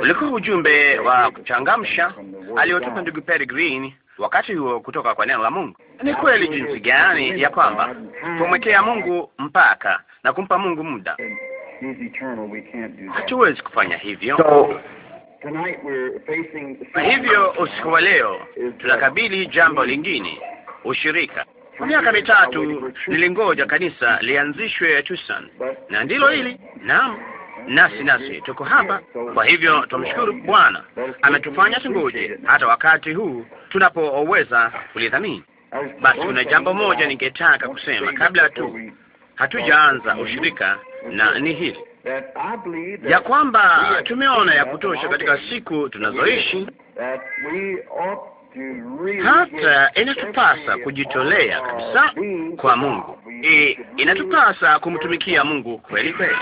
Ulikuwa ujumbe wa kuchangamsha aliotoka ndugu Green wakati huo kutoka kwa neno la Mungu. Ni kweli jinsi gani ya kwamba kumwekea Mungu mpaka na kumpa Mungu muda, hatuwezi kufanya hivyo. So, na hivyo usiku wa leo tunakabili jambo lingine, ushirika. Kwa miaka mitatu nilingoja kanisa lianzishwe Tucson, na ndilo hili. Naam nasi nasi tuko hapa. Kwa hivyo tumshukuru Bwana ametufanya tunguje hata wakati huu tunapoweza kulidhamini. Basi kuna jambo moja ningetaka kusema kabla tu hatujaanza ushirika, na ni hili ya kwamba tumeona ya kutosha katika siku tunazoishi hata inatupasa kujitolea kabisa kwa Mungu. E, inatupasa kumtumikia Mungu kweli kweli.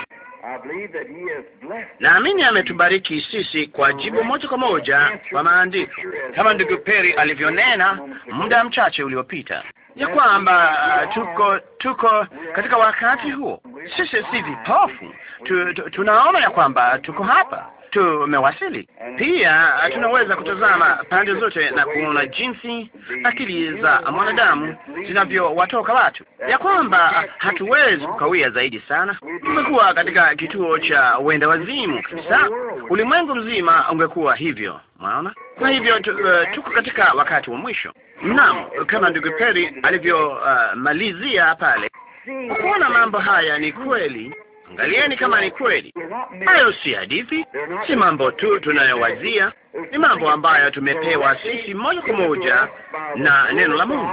Naamini ametubariki sisi kwa jibu moja kwa moja kwa maandiko, kama ndugu peri alivyonena muda mchache uliopita, ya kwamba uh, tuko tuko katika wakati huo. Sisi si vipofu tu, tu, tunaona ya kwamba tuko hapa, tumewasili. Mm. Pia tunaweza kutazama pande zote na kuona jinsi akili za mwanadamu zinavyowatoka watu, ya kwamba hatuwezi kukawia zaidi sana. Tumekuwa katika kituo cha uenda wazimu kabisa, ulimwengu mzima ungekuwa hivyo, mwaona. Kwa hivyo uh, tuko katika wakati wa mwisho. Naam, kama ndugu Peri alivyomalizia uh, pale, kuona mambo haya ni kweli Angalieni kama ni kweli. Hayo si hadithi, si mambo tu tunayowazia, ni mambo ambayo tumepewa sisi moja kwa moja na neno la Mungu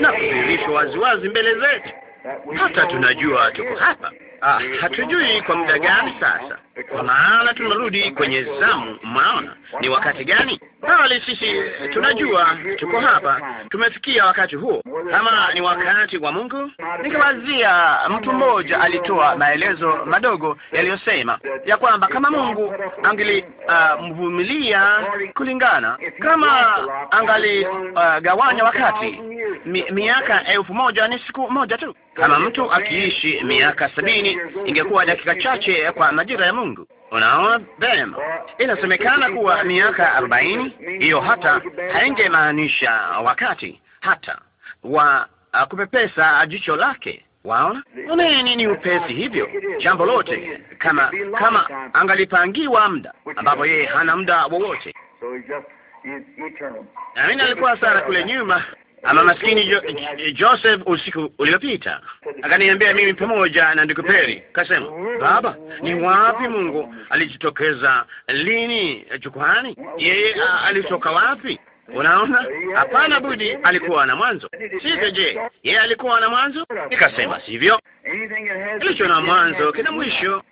na kudhihirishwa waziwazi mbele zetu, hata tunajua tuko hapa ah, hatujui kwa muda gani sasa, kwa maana tunarudi kwenye zamu. Maona ni wakati gani? Bali sisi eh, tunajua tuko hapa, tumefikia wakati huo, kama ni wakati wa Mungu. Nikawazia mtu mmoja alitoa maelezo madogo yaliyosema ya kwamba kama Mungu angelimvumilia ah, uh, kulingana kama angaligawanya ah, uh, wakati mi, miaka elfu moja ni siku moja tu, kama mtu akiishi miaka sabini ingekuwa dakika chache kwa majira ya Mungu. Unaona vema, inasemekana kuwa miaka arobaini. Hiyo hata haingemaanisha wakati hata wa uh, kupepesa jicho lake. Waona nini? Ni upesi hivyo jambo lote, kama kama angalipangiwa muda ambapo yeye hana muda wowote. Amina, alikuwa sana kule nyuma ama maskini jo, Joseph usiku uliopita akaniambia mimi pamoja na ndikuperi, kasema baba, ni wapi Mungu alijitokeza lini jukwani? Yeye alitoka wapi? Unaona, hapana budi, alikuwa na mwanzo, sivyo? Je, yeye alikuwa na mwanzo? Nikasema sivyo, kilicho na mwanzo kina mwisho,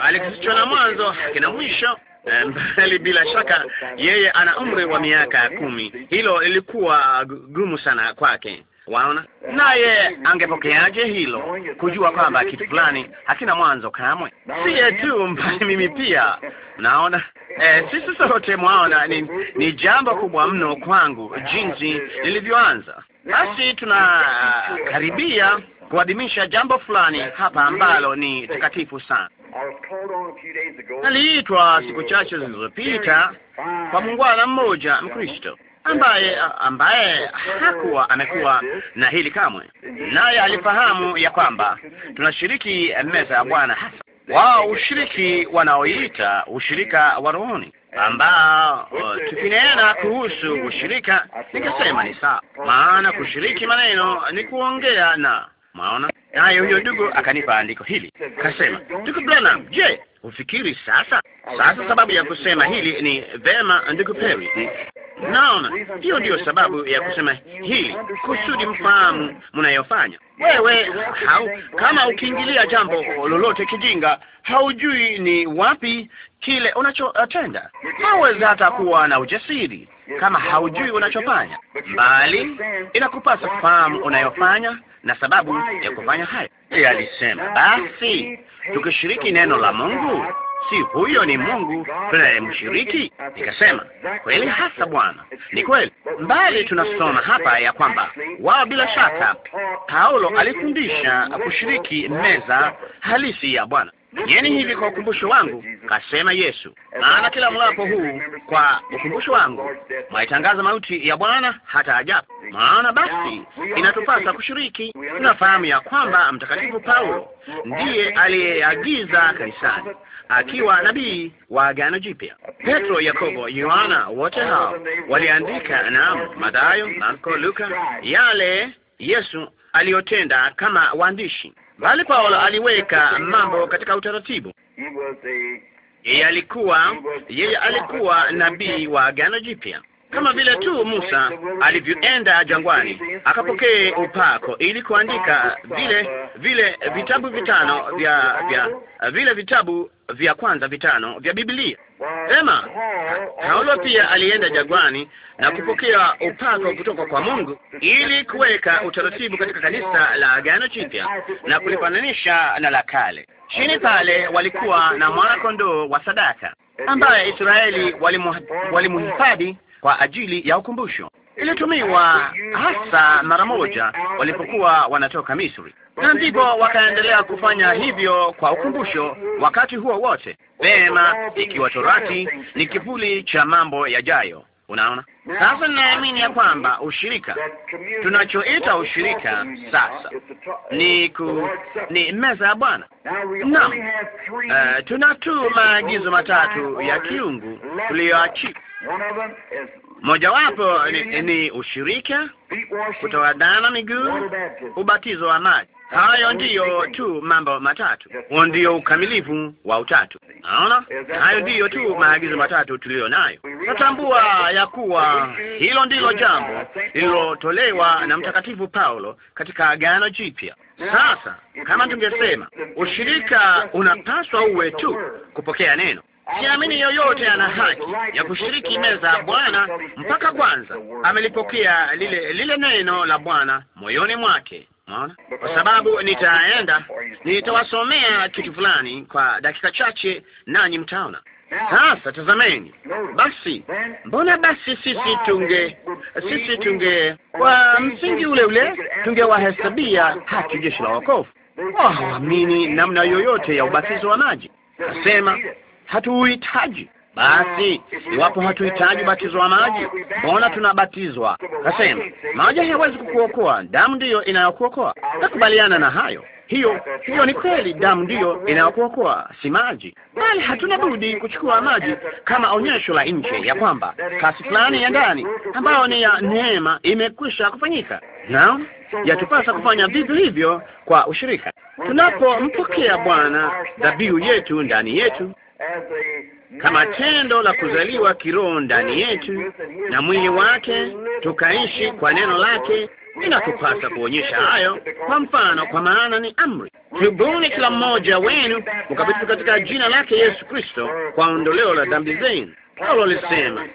alicho na mwanzo kina mwisho Eh, mbali bila shaka yeye ana umri wa miaka kumi. Hilo ilikuwa gumu sana kwake, waona. Naye angepokeaje hilo, kujua kwamba kitu fulani hakina mwanzo kamwe? Si tu mbali, mimi pia naona e, sisi sote mwaona, ni, ni jambo kubwa mno kwangu jinsi nilivyoanza. Basi tunakaribia kuadhimisha jambo fulani hapa ambalo ni takatifu sana aliitwa siku chache zilizopita kwa mungwana mmoja Mkristo ambaye ambaye hakuwa amekuwa na hili kamwe, naye alifahamu ya kwamba tunashiriki meza ya Bwana hasa wao ushiriki wanaoita ushirika wa rohoni ambao uh, tukinena kuhusu ushirika, ningesema ni sawa, maana kushiriki maneno ni kuongea na maona Naye huyo ndugu akanipa andiko hili, kasema, ndugu Branham, je, ufikiri sasa? Sasa sababu ya kusema hili ni vema, ndugu Perry, naona hiyo ndiyo sababu ya kusema hili, kusudi mfahamu mnayofanya. Wewe hau, kama ukiingilia jambo lolote kijinga, haujui ni wapi kile unachotenda, hawezi hata kuwa na ujasiri kama haujui unachofanya, bali inakupasa kufahamu unayofanya na sababu ya kufanya hayo. Yeye alisema, basi tukishiriki neno la Mungu, si huyo ni Mungu tunayemshiriki? Nikasema, kweli hasa Bwana, ni kweli. Mbali tunasoma hapa ya kwamba wao, bila shaka, Paulo alifundisha kushiriki meza halisi ya Bwana. Nyeni hivi kwa ukumbusho wangu, kasema Yesu, maana kila mlapo huu kwa ukumbusho wangu mwaitangaza mauti ya Bwana hata ajapo. Maana basi inatupasa kushiriki. Tunafahamu ya kwamba Mtakatifu Paulo ndiye aliyeagiza kanisani akiwa nabii wa Agano Jipya. Petro, Yakobo, Yohana, wote hao waliandika, na Mathayo, Marko, Luka, yale Yesu aliyotenda kama waandishi bali Paulo aliweka mambo katika utaratibu. Yeye alikuwa yeye alikuwa nabii wa Agano Jipya kama vile tu Musa alivyoenda jangwani akapokee upako ili kuandika vile vile vitabu vitano vya vya vile vitabu vya kwanza vitano vya Biblia. Ema, Paulo pia alienda jangwani na kupokea upako kutoka kwa Mungu ili kuweka utaratibu katika kanisa la Agano Jipya na kulifananisha na la kale. Chini pale walikuwa na mwana kondoo wa sadaka ambaye Israeli walimuhifadhi kwa ajili ya ukumbusho. Ilitumiwa hasa mara moja walipokuwa wanatoka Misri, na ndipo wakaendelea kufanya hivyo kwa ukumbusho wakati huo wote. Vema, ikiwa torati ni kivuli cha mambo yajayo. Unaona, sasa ninaamini ya kwamba ushirika tunachoita ushirika sasa ni ku, ni meza ya Bwana. Naam, uh, tuna tu maagizo matatu ya kiungu tuliyoachika Mojawapo ni, ni ushirika, kutawadana miguu, ubatizo wa maji. Hayo ndiyo tu mambo matatu, huo ndio ukamilifu wa utatu. Naona hayo ndiyo tu maagizo matatu tuliyo nayo. Natambua ya kuwa hilo ndilo jambo lililotolewa na Mtakatifu Paulo katika Agano Jipya. Sasa kama tungesema ushirika unapaswa uwe tu kupokea neno Siamini yoyote ana haki ya kushiriki meza ya Bwana mpaka kwanza amelipokea lile lile neno la Bwana moyoni mwake. Unaona, kwa sababu nitaenda nitawasomea kitu fulani kwa dakika chache, nanyi mtaona sasa. Tazameni basi, mbona basi sisi tunge sisi tunge kwa msingi ule ule tungewahesabia haki jeshi la wokovu. Hawaamini namna yoyote ya ubatizo wa maji, nasema hatuuhitaji. Basi ah, iwapo hatuhitaji ubatizo wa maji, mbona tunabatizwa? Kasema maji hayawezi kukuokoa, damu ndiyo inayokuokoa. Nakubaliana na hayo. Hiyo hiyo ni kweli, damu ndiyo inayokuokoa, si maji. Bali hatuna budi kuchukua maji kama onyesho la nje ya kwamba kasi fulani ya ndani ambayo ni ya neema imekwisha kufanyika. Naam, yatupasa kufanya vivyo hivyo kwa ushirika, tunapompokea Bwana dhabihu yetu ndani yetu kama tendo la kuzaliwa kiroho ndani yetu na mwili wake tukaishi kwa neno lake, inatupasa kuonyesha hayo kwa mfano, kwa maana ni amri, tubuni kila mmoja wenu mkapitishwa katika jina lake Yesu Kristo kwa ondoleo la dhambi zenu. Paulo alisema,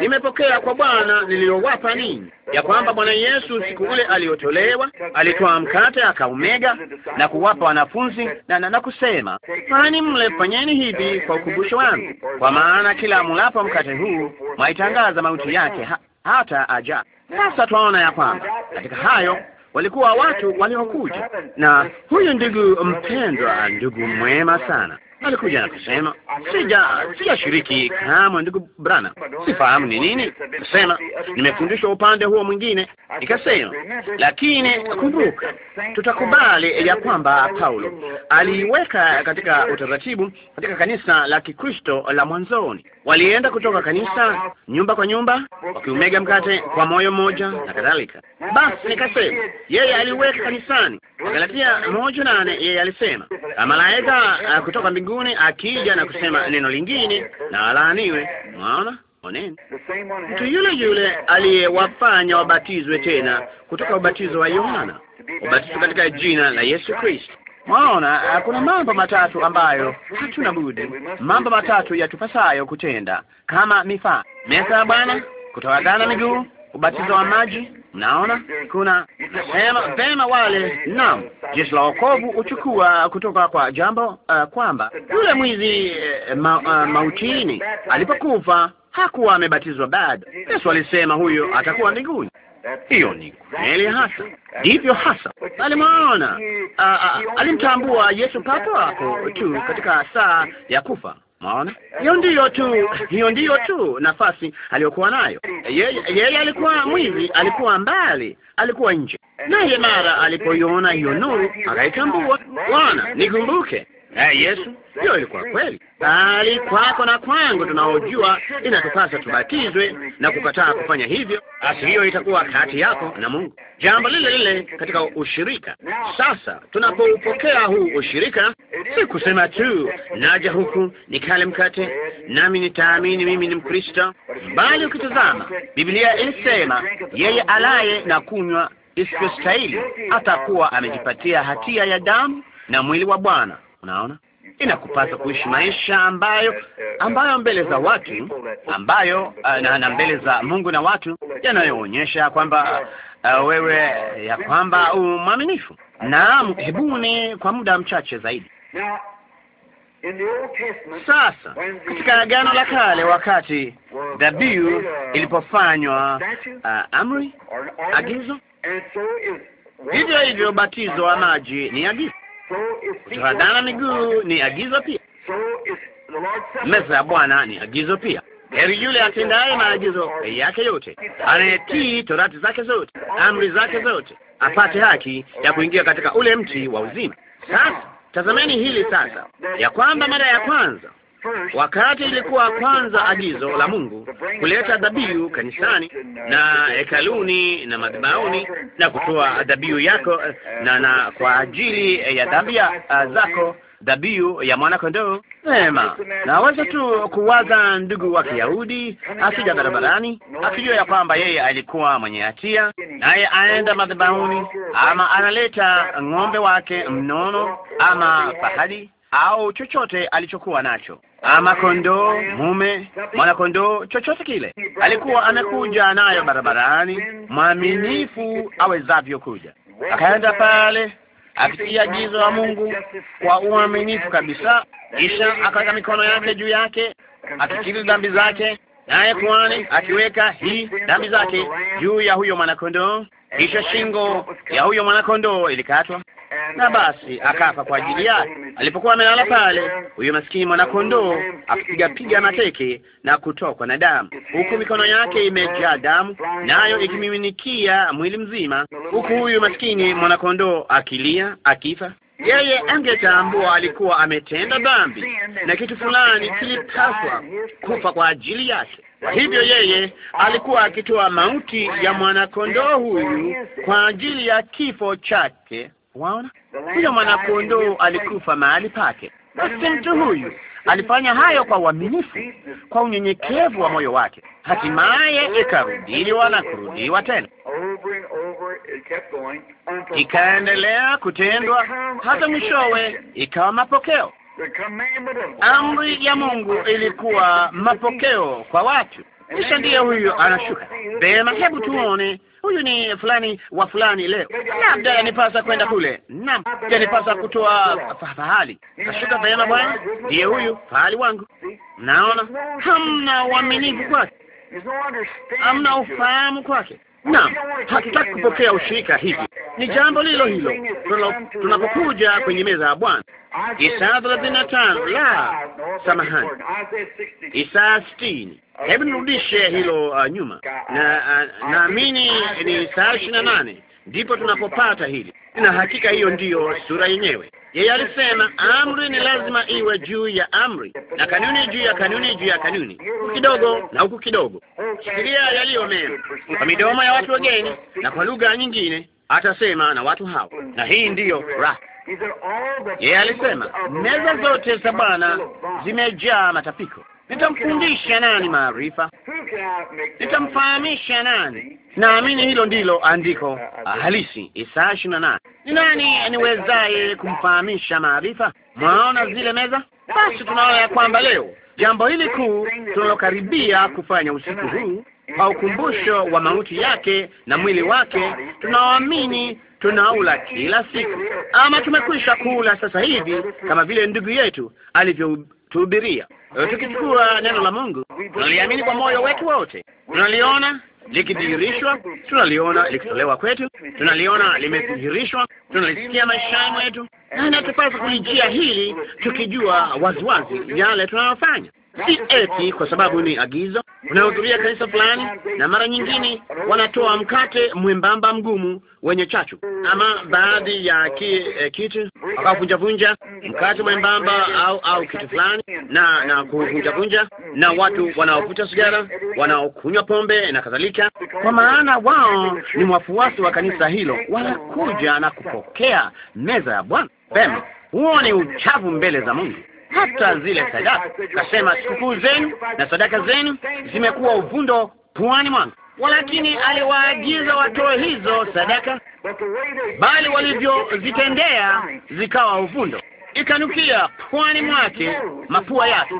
nimepokea kwa Bwana niliyowapa ninyi, ya kwamba Bwana Yesu siku ile aliyotolewa alitoa mkate akaumega na kuwapa wanafunzi na, na, na kusema, fanyeni mle, fanyeni hivi kwa ukumbusho wangu, kwa maana kila mlapo mkate huu mwaitangaza mauti yake ha, hata aja. Sasa twaona ya kwamba katika hayo walikuwa watu waliokuja na huyu ndugu mpendwa, ndugu mwema sana alikuja na kusema, sija sijashiriki kamwe, ndugu Brana, sifahamu ni nini. Kasema nimefundishwa upande huo mwingine. Nikasema, lakini kumbuka, tutakubali ya kwamba Paulo aliiweka katika utaratibu katika kanisa la Kikristo la mwanzoni. Walienda kutoka kanisa nyumba kwa nyumba, wakiumega mkate kwa moyo mmoja na kadhalika. Basi nikasema yeye aliweka kanisani Galatia moja nane, yeye alisema malaika uh, kutoka mbinguni akija na kusema neno lingine na alaaniwe. Mwaona, oneni, mtu yule yule aliyewafanya wabatizwe tena kutoka ubatizo wa Yohana, ubatizo katika jina la Yesu Kristo. Mwaona, kuna mambo matatu ambayo hatuna budi, mambo matatu yatupasayo kutenda kama mifaa: meza ya Bwana, kutawagana miguu, ubatizo wa maji. Mnaona, kuna sema vema wale. Naam, jeshi la wokovu huchukua kutoka kwa jambo uh, kwamba yule mwizi uh, ma, uh, mautini alipokufa hakuwa amebatizwa bado. Yesu alisema huyo atakuwa mbinguni. Hiyo ni kweli hasa, ndivyo hasa. Alimwona, alimtambua Yesu papo hapo tu katika saa ya kufa. Maona, hiyo ndiyo tu, hiyo ndiyo tu nafasi aliyokuwa nayo yeye. Ye, alikuwa mwizi, alikuwa mbali, alikuwa nje, naye mara alipoiona hiyo nuru akaitambua. Bwana, nikumbuke Eh, Yesu, hiyo ilikuwa kweli, bali kwako na kwangu tunaojua inatupasa tubatizwe na kukataa kufanya hivyo, basi hiyo itakuwa kati yako na Mungu, jambo lile lile katika ushirika. Sasa tunapoupokea huu ushirika, si kusema tu naja huku nikale mkate nami nitaamini mimi ni Mkristo, bali ukitazama Biblia inasema yeye alaye na kunywa isiyostahili atakuwa amejipatia hatia ya damu na mwili wa Bwana Unaona, inakupasa kuishi maisha ambayo ambayo mbele za watu ambayo uh, na, na mbele za Mungu na watu yanayoonyesha kwamba uh, wewe ya kwamba umwaminifu mwaminifu. Naam, hebuni kwa muda mchache zaidi sasa katika Agano la Kale, wakati dhabihu ilipofanywa uh, amri, agizo, hivyo hivyo batizo wa maji ni agizo Kutohadhara miguu ni agizo pia. Meza ya Bwana ni agizo pia. Heri yule atendaye maagizo yake yote, anayetii torati zake zote, amri zake zote, apate haki ya kuingia katika ule mti wa uzima. Sasa tazameni hili sasa, ya kwamba mara ya kwanza Wakati ilikuwa kwanza agizo la Mungu kuleta dhabihu kanisani na hekaluni na uh, madhabahuni na kutoa dhabihu yako uh, uh, na na kwa ajili ya dhambi zako dhabihu ya mwana kondoo. Sema naweza tu kuwaza ndugu wa Kiyahudi akija barabarani akijua ya kwamba yeye alikuwa mwenye hatia, naye aenda madhabahuni, ama analeta ng'ombe wake mnono ama fahali au chochote alichokuwa nacho, ama kondoo mume, mwanakondoo, chochote kile alikuwa amekuja nayo barabarani, mwaminifu awezavyo kuja, akaenda pale akitia agizo la Mungu kwa uaminifu kabisa, kisha akaweka mikono yake juu yake akikiri dhambi zake, naye kuhani akiweka hii dhambi zake juu ya huyo mwanakondoo. Kisha shingo ya huyo mwanakondoo ilikatwa, na basi akafa kwa ajili yake. Alipokuwa amelala pale, huyo maskini mwanakondoo akipiga piga mateke na kutokwa na damu, huku mikono yake imejaa damu, nayo ikimiminikia mwili mzima, huku huyu maskini mwanakondoo akilia akifa. Yeye angetambua alikuwa ametenda dhambi na kitu fulani kilipaswa kufa kwa ajili yake. Kwa hivyo yeye alikuwa akitoa mauti ya mwanakondoo huyu kwa ajili ya kifo chake Waona, huyo mwanakondoo alikufa mahali pake, basi mtu huyu alifanya hayo kwa uaminifu, kwa unyenyekevu wa moyo wake. Hatimaye ikarudiwa na kurudiwa tena, ikaendelea kutendwa hata mwishowe ikawa mapokeo. Amri ya Mungu ilikuwa mapokeo kwa watu, kisha ndiye huyo anashuka. Vema, hebu tuone huyu ni fulani wa fulani leo, labda yanipasa kwenda kule, naam, yanipasa kutoa fahali. Kashuka vyema, bwana, ndiye huyu fahali wangu. Mnaona, hamna uaminifu kwake, hamna ufahamu kwake na hatutaki kupokea ushirika hivi. Ni jambo lilo hilo tunapokuja kwenye meza ya Bwana. Isaa thelathini na tano la samahani, isaa sitini. Hebu nirudishe hilo uh, nyuma na uh, naamini ni saa ishirini na nane ndipo tunapopata hili, na hakika hiyo ndiyo sura yenyewe. Yeye alisema amri ni lazima iwe juu ya amri na kanuni juu ya kanuni juu ya kanuni, huku kidogo na huku kidogo, shikilia yaliyo mema kwa midomo ya watu wageni na kwa lugha nyingine atasema na watu hao, na hii ndiyo raha. Yeye alisema meza zote za Bwana zimejaa matapiko. Nitamfundisha nani maarifa? Nitamfahamisha nani Naamini hilo ndilo andiko ah, ah, ah. halisi, Isaya ishirini na nane. Ni nani aniwezaye kumfahamisha maarifa? Mwaona zile meza? Basi tunaona ya kwamba leo jambo hili kuu tunalokaribia kufanya usiku huu kwa ukumbusho wa mauti yake na mwili wake, tunaoamini tunaula kila siku, ama tumekwisha kula sasa hivi, kama vile ndugu yetu alivyotuhubiria. Tukichukua neno la Mungu, tunaliamini kwa moyo wetu wote, tunaliona likidhihirishwa, tunaliona likitolewa kwetu, tunaliona limedhihirishwa, tunalisikia maishani mwetu, na inatupasa kulijia hili tukijua waziwazi yale tunayofanya si eti kwa sababu ni agizo. Unahudhuria kanisa fulani, na mara nyingine wanatoa mkate mwembamba mgumu wenye chachu, ama baadhi ya ki, eh, kitu wakavunjavunja mkate mwembamba au au kitu fulani, na na kuvunjavunja, na watu wanaovuta sigara, wanaokunywa pombe na kadhalika, kwa maana wao ni wafuasi wa kanisa hilo, wanakuja na kupokea meza ya Bwana. Pema, huo ni uchavu mbele za Mungu hata zile sadaka. kasema sikukuu zenu na sadaka zenu zimekuwa uvundo puani mwangu, walakini aliwaagiza watoe hizo sadaka, bali walivyozitendea zikawa uvundo, ikanukia puani mwake, mapua yake,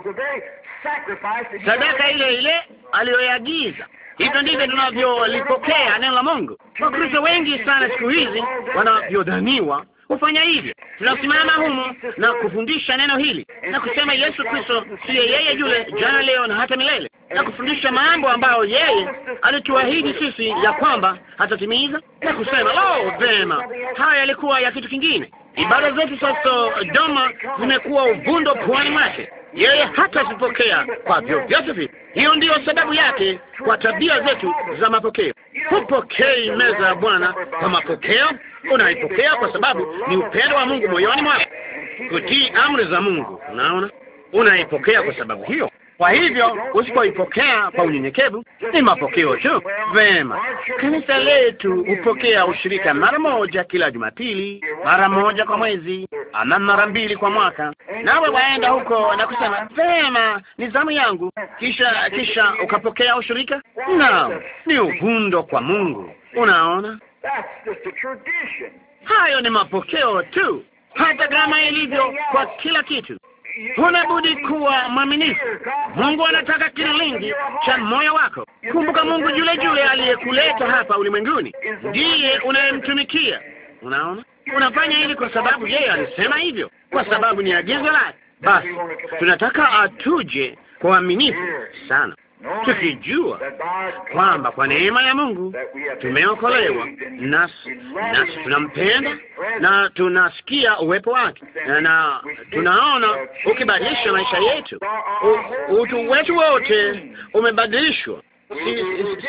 sadaka ile ile aliyoyagiza. Hivyo ndivyo tunavyolipokea neno la Mungu. Wakristo wengi sana siku hizi wanavyodhaniwa hufanya hivyo. Tunasimama humu na kufundisha neno hili na kusema Yesu Kristo siye yeye yule jana, leo na hata milele, na kufundisha mambo ambayo yeye alituahidi sisi ya kwamba hatatimiza, na kusema oh, vema, haya yalikuwa ya kitu kingine. Ibada zetu sasa sodoma zimekuwa uvundo pwani mwake yeye hatatupokea kwa vyovyote vile. Hiyo ndiyo sababu yake kwa tabia zetu za mapokeo. Hupokei meza ya Bwana kwa mapokeo, unaipokea kwa sababu ni upendo wa Mungu moyoni mwako, kutii amri za Mungu. Unaona, unaipokea kwa sababu hiyo. Kwa hivyo usipoipokea kwa unyenyekevu, ni mapokeo tu. Vema, kanisa letu hupokea ushirika mara moja kila Jumapili, mara moja kwa mwezi, ama mara mbili kwa mwaka, nawe waenda huko na kusema vema, ni zamu yangu, kisha kisha ukapokea ushirika. Naam, ni ugundo kwa Mungu. Unaona, hayo ni mapokeo tu, hata kama ilivyo kwa kila kitu. Huna budi kuwa mwaminifu. Mungu anataka kililingi cha moyo wako. Kumbuka, Mungu yule yule aliyekuleta hapa ulimwenguni ndiye unayemtumikia. Unaona, unafanya hili kwa sababu yeye alisema hivyo, kwa sababu ni agizo lake. Basi tunataka atuje kwa uaminifu sana tukijua kwamba kwa neema ya Mungu tumeokolewa, nasi nasi tunampenda na tunasikia uwepo wake na tunaona ukibadilisha maisha yetu. U, utu wetu wote umebadilishwa.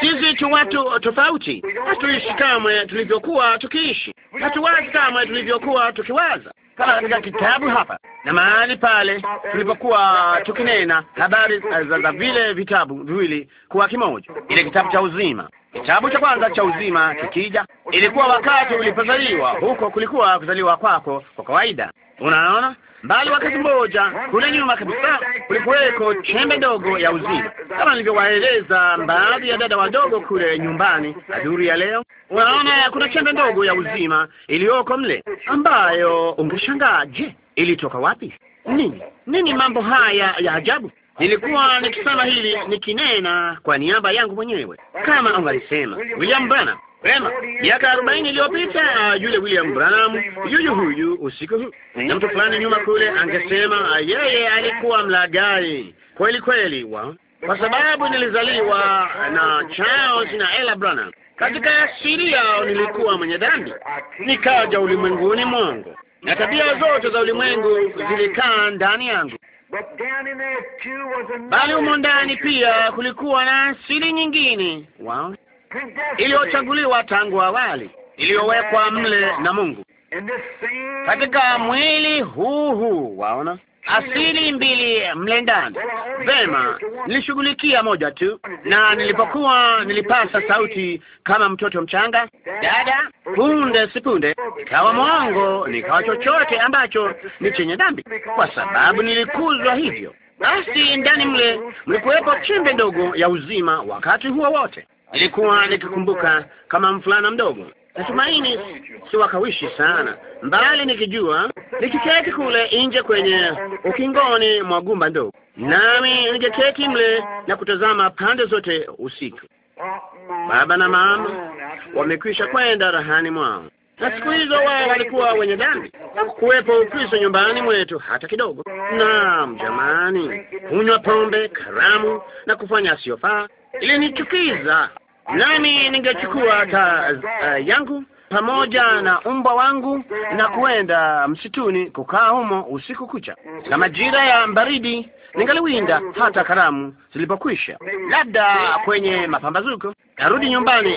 Sisi tu watu tofauti, hatuishi kama tulivyokuwa tukiishi, hatuwazi kama tulivyokuwa tukiwaza kama katika kitabu hapa na mahali pale tulipokuwa tukinena habari eh, za vile vitabu viwili kuwa kimoja, ile kitabu cha uzima. Kitabu cha kwanza cha uzima kikija, ilikuwa wakati ulipozaliwa, huko kulikuwa kuzaliwa kwako kwa kawaida. Unaona, bali wakati mmoja kule nyuma kabisa kulikuweko chembe ndogo ya uzima kama nilivyowaeleza baadhi ya dada wadogo kule nyumbani adhuri ya leo. Unaona, kuna chembe ndogo ya uzima iliyoko mle, ambayo ungeshangaa, je, ilitoka wapi? Nini nini mambo haya ya ajabu? Nilikuwa nikisema hili nikinena kwa niaba yangu mwenyewe, kama ungalisema William Branham Vema, miaka arobaini iliyopita uh, yule William Branham yuyu huyu usiku huu, na mtu fulani nyuma kule angesema uh, yeye alikuwa mlagai kweli kweli, wa kwa sababu nilizaliwa uh, na Charles na Ella Branham. Katika asili yao nilikuwa mwenye dhambi, nikaja ulimwenguni mwangu na tabia zote za ulimwengu zilikaa ndani yangu, bali humo ndani pia kulikuwa na asili nyingine Wow iliyochaguliwa tangu awali, iliyowekwa mle na Mungu katika mwili huu huu, waona asili mbili mle ndani. Vema, nilishughulikia moja tu, na nilipokuwa nilipasa sauti kama mtoto mchanga, dada, punde sipunde kawa mwango, nikawa chochote ambacho ni chenye dhambi, kwa sababu nilikuzwa hivyo. Basi ndani mle mlikuwepo chembe ndogo ya uzima wakati huo wote nilikuwa nikikumbuka kama mfulana mdogo. Natumaini si wakawishi sana mbali, nikijua nikiketi kule nje kwenye ukingoni mwa gumba ndogo, nami ningeketi mle na kutazama pande zote usiku. Baba na mama wamekwisha kwenda rahani mwao, na siku hizo wao walikuwa wenye dhambi. Hakukuwepo Ukristo nyumbani mwetu hata kidogo. Naam jamani, kunywa pombe, karamu na kufanya asiyofaa ilinichukiza nami ningechukua ta uh, eh, yangu pamoja na umbwa wangu na kuenda msituni kukaa humo usiku kucha, na majira ya baridi ningaliwinda hata karamu zilipokwisha, labda kwenye mapambazuko. Narudi nyumbani,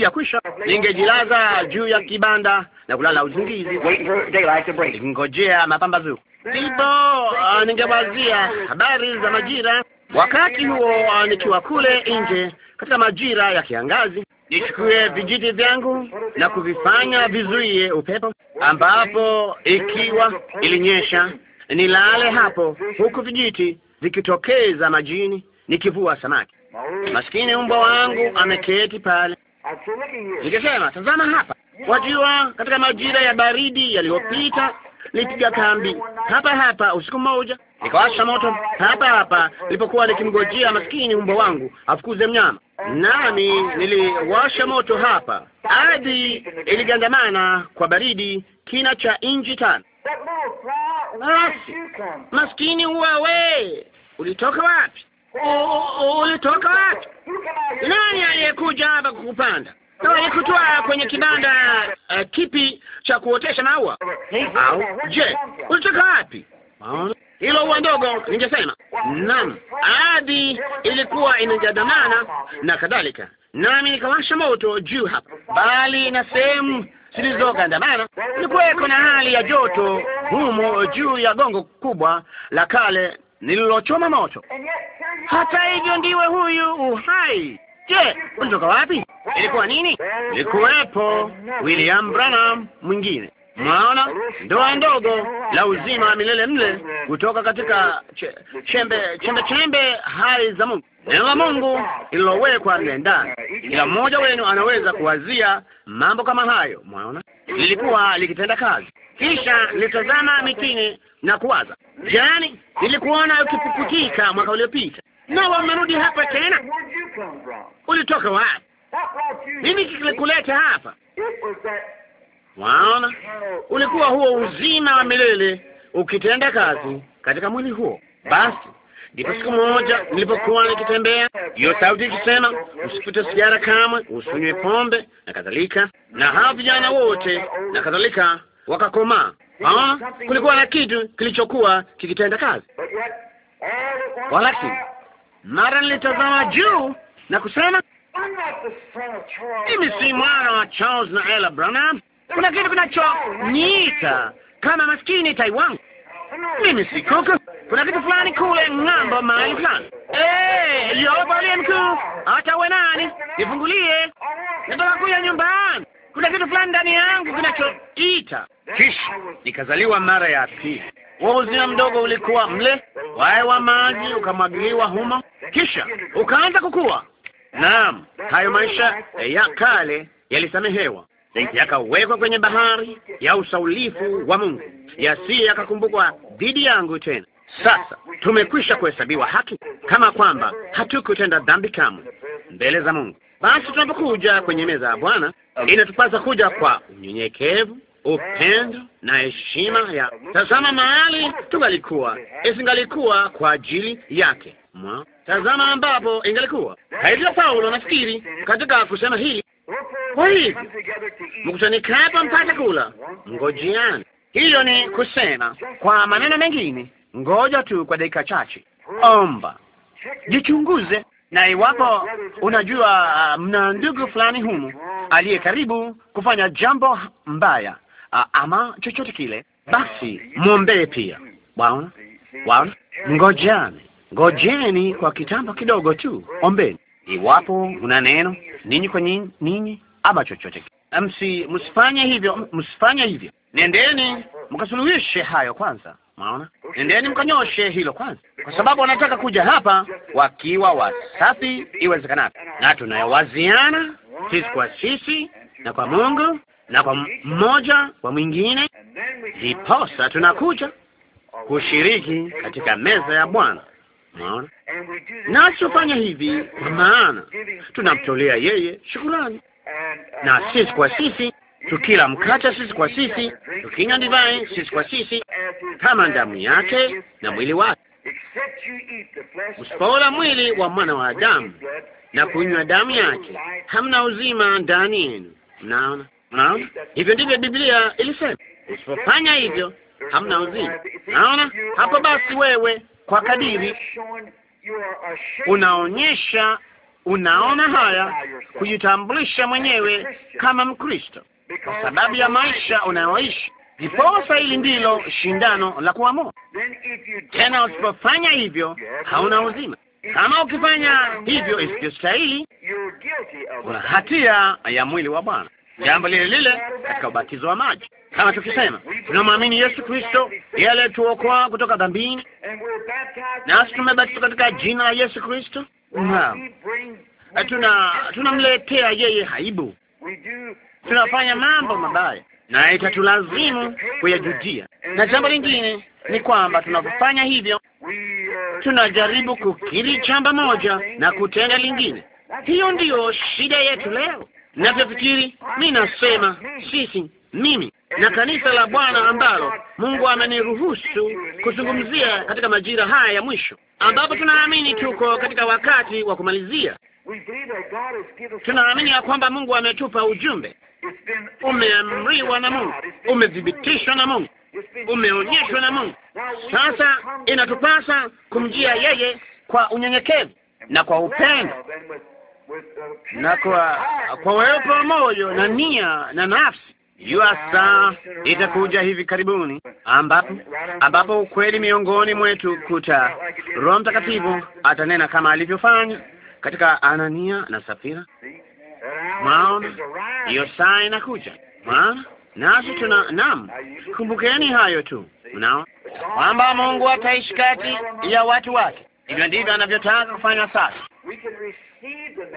la kwisha ningejilaza juu ya kibanda na kulala uzingizi, ningojea mapambazuko. Ndipo uh, ningewazia habari za majira wakati huo, uh, nikiwa kule nje katika majira ya kiangazi, nichukue vijiti vyangu na kuvifanya vizuie upepo, ambapo ikiwa ilinyesha nilale hapo, huku vijiti vikitokeza majini, nikivua samaki. Maskini umbwa wangu ameketi pale, nikisema tazama hapa, wajua, katika majira ya baridi yaliyopita lipiga kambi hapa hapa usiku mmoja nikawasha moto hapa hapa nilipokuwa nikimgojea maskini umbo wangu afukuze mnyama, nami niliwasha moto hapa, ardhi iligandamana kwa baridi, kina cha inji tano. Basi maskini huwa we, ulitoka wapi? Ulitoka wapi? Nani aliyekuja hapa kukupanda? Alikutoa kwenye kibanda uh, kipi cha kuotesha maua? Au je, ulitoka wapi? Maona hilo huwa ndogo, ningesema naam, ardhi ilikuwa inajadamana na kadhalika, nami nikawasha moto juu hapa, bali na sehemu zilizogandamana ilikuweko na hali ya joto humo juu ya gongo kubwa la kale nililochoma moto. Hata hivyo ndiwe huyu uhai. Je, unatoka wapi? Ilikuwa nini? Ilikuwepo William Branham mwingine Mwaona ndoa ndogo la uzima wa milele mle kutoka katika che, chembe chembe chembe hai za Mungu, neno la Mungu ililowekwa mle ndani. Kila mmoja wenu anaweza kuwazia mambo kama hayo. Mwaona lilikuwa likitenda kazi, kisha nilitazama mitini na kuwaza, jani nilikuona ukipukutika mwaka uliopita, na wamerudi hapa tena. Ulitoka wapi? Nini kilikuleta hapa? Waona, mm. ulikuwa huo uzima wa milele ukitenda kazi katika mwili huo. Basi ndipo siku moja nilipokuwa nikitembea, hiyo sauti ikisema, usipute sigara kamwe, usinywe pombe na kadhalika, na hao vijana wote na kadhalika wakakomaa. Waona, kulikuwa na kitu kilichokuwa kikitenda kazi, walakini mara nilitazama juu na kusema, mimi si mwana wa Charles na Ella Branham kuna kitu kinachoniita kama maskini Taiwan. Mimi sikuko, kuna kitu fulani kule ng'ambo, mahali fulani. Eh, Yehova aliye mkuu, hata uwe nani, nifungulie, nataka kuja nyumbani. Kuna kitu fulani ndani yangu kinachoita. Kisha nikazaliwa mara ya pili. Wewe uzima mdogo ulikuwa mle wae wa maji, ukamwagiliwa humo, kisha ukaanza kukua. Naam, hayo maisha ya kale yalisamehewa yakawekwa kwenye bahari ya usaulifu wa Mungu, yasi yakakumbukwa dhidi yangu tena. Sasa tumekwisha kuhesabiwa haki, kama kwamba hatukutenda dhambi kamwe mbele za Mungu. Basi tunapokuja kwenye meza ya Bwana, inatupasa kuja kwa unyenyekevu, upendo na heshima ya tazama, mahali tungalikuwa isingalikuwa kwa ajili yake mwa tazama ambapo ingalikuwa. Kwa hivyo Paulo, nafikiri katika kusema hili kwa hivyo mkusanyika mpate mpata kula, ngojeani. Hiyo ni kusema, kwa maneno mengine, ngoja tu kwa dakika chache, omba, jichunguze, na iwapo unajua uh, mna ndugu fulani humu aliye karibu kufanya jambo mbaya uh, ama chochote kile, basi mwombee pia. Waona, bwana, ngojeani, ngojeni kwa kitambo kidogo tu, ombeni iwapo una neno ninyi kwa ninyi, ninyi ama chochote. Msi, msifanye hivyo, msifanye hivyo. Nendeni mkasuluhishe hayo kwanza. Maona, nendeni mkanyoshe hilo kwanza, kwa sababu wanataka kuja hapa wakiwa wasafi iwezekanavyo, na tunayowaziana sisi kwa sisi na kwa Mungu na kwa mmoja kwa mwingine, ndiposa tunakuja kushiriki katika meza ya Bwana. Unaona, nasi hufanya hivi kwa maana tunamtolea yeye shukrani, uh, na sisi kwa sisi tukila mkate sisi kwa sisi, tukinywa divai sisi kwa sisi, kama damu yake na mwili wake. Msipoula mwili wa mwana wa Adamu na kunywa damu yake, hamna uzima ndani yenu. Mnaona, mnaona, hivyo ndivyo Biblia ilisema. Usipofanya hivyo, hamna uzima. Naona hapo, basi wewe kwa kadiri unaonyesha, unaona haya, kujitambulisha mwenyewe kama Mkristo kwa sababu ya maisha unayoishi. Ndiposa hili ndilo shindano la kuamua. Tena usipofanya hivyo, hauna uzima. Kama ukifanya hivyo isivyostahili, una hatia ya mwili wa Bwana jambo lile lile katika ubatizo wa maji, kama tukisema tunamwamini Yesu Kristo, yeye aliyetuokoa kutoka dhambini, nasi tumebatizwa katika jina la Yesu Kristo, naam, tuna tunamletea yeye haibu, tunafanya mambo mabaya na itatulazimu kuyajutia. Na jambo lingine ni kwamba tunapofanya hivyo, tunajaribu kukiri chamba moja na kutenda lingine. Hiyo ndiyo shida yetu leo ninavyofikiri, mimi nasema sisi, mimi na kanisa la Bwana ambalo Mungu ameniruhusu kuzungumzia katika majira haya ya mwisho, ambapo tunaamini tuko katika wakati wa kumalizia. Tunaamini ya kwamba Mungu ametupa ujumbe, umeamriwa na Mungu, umethibitishwa na Mungu, umeonyeshwa na Mungu. Sasa inatupasa kumjia yeye kwa unyenyekevu na kwa upendo na kwa kwa uwepo wa moyo na nia na nafsi jua saa itakuja hivi karibuni, ambapo ambapo ukweli miongoni mwetu kuta Roho Mtakatifu atanena kama alivyofanya katika Anania na Safira. Mwaona hiyo saa inakuja, mwaona nasi tuna naam, kumbukeni hayo tu, mnaona kwamba Mungu ataishi kati ya watu wake. Hivyo ndivyo anavyotaka kufanya sasa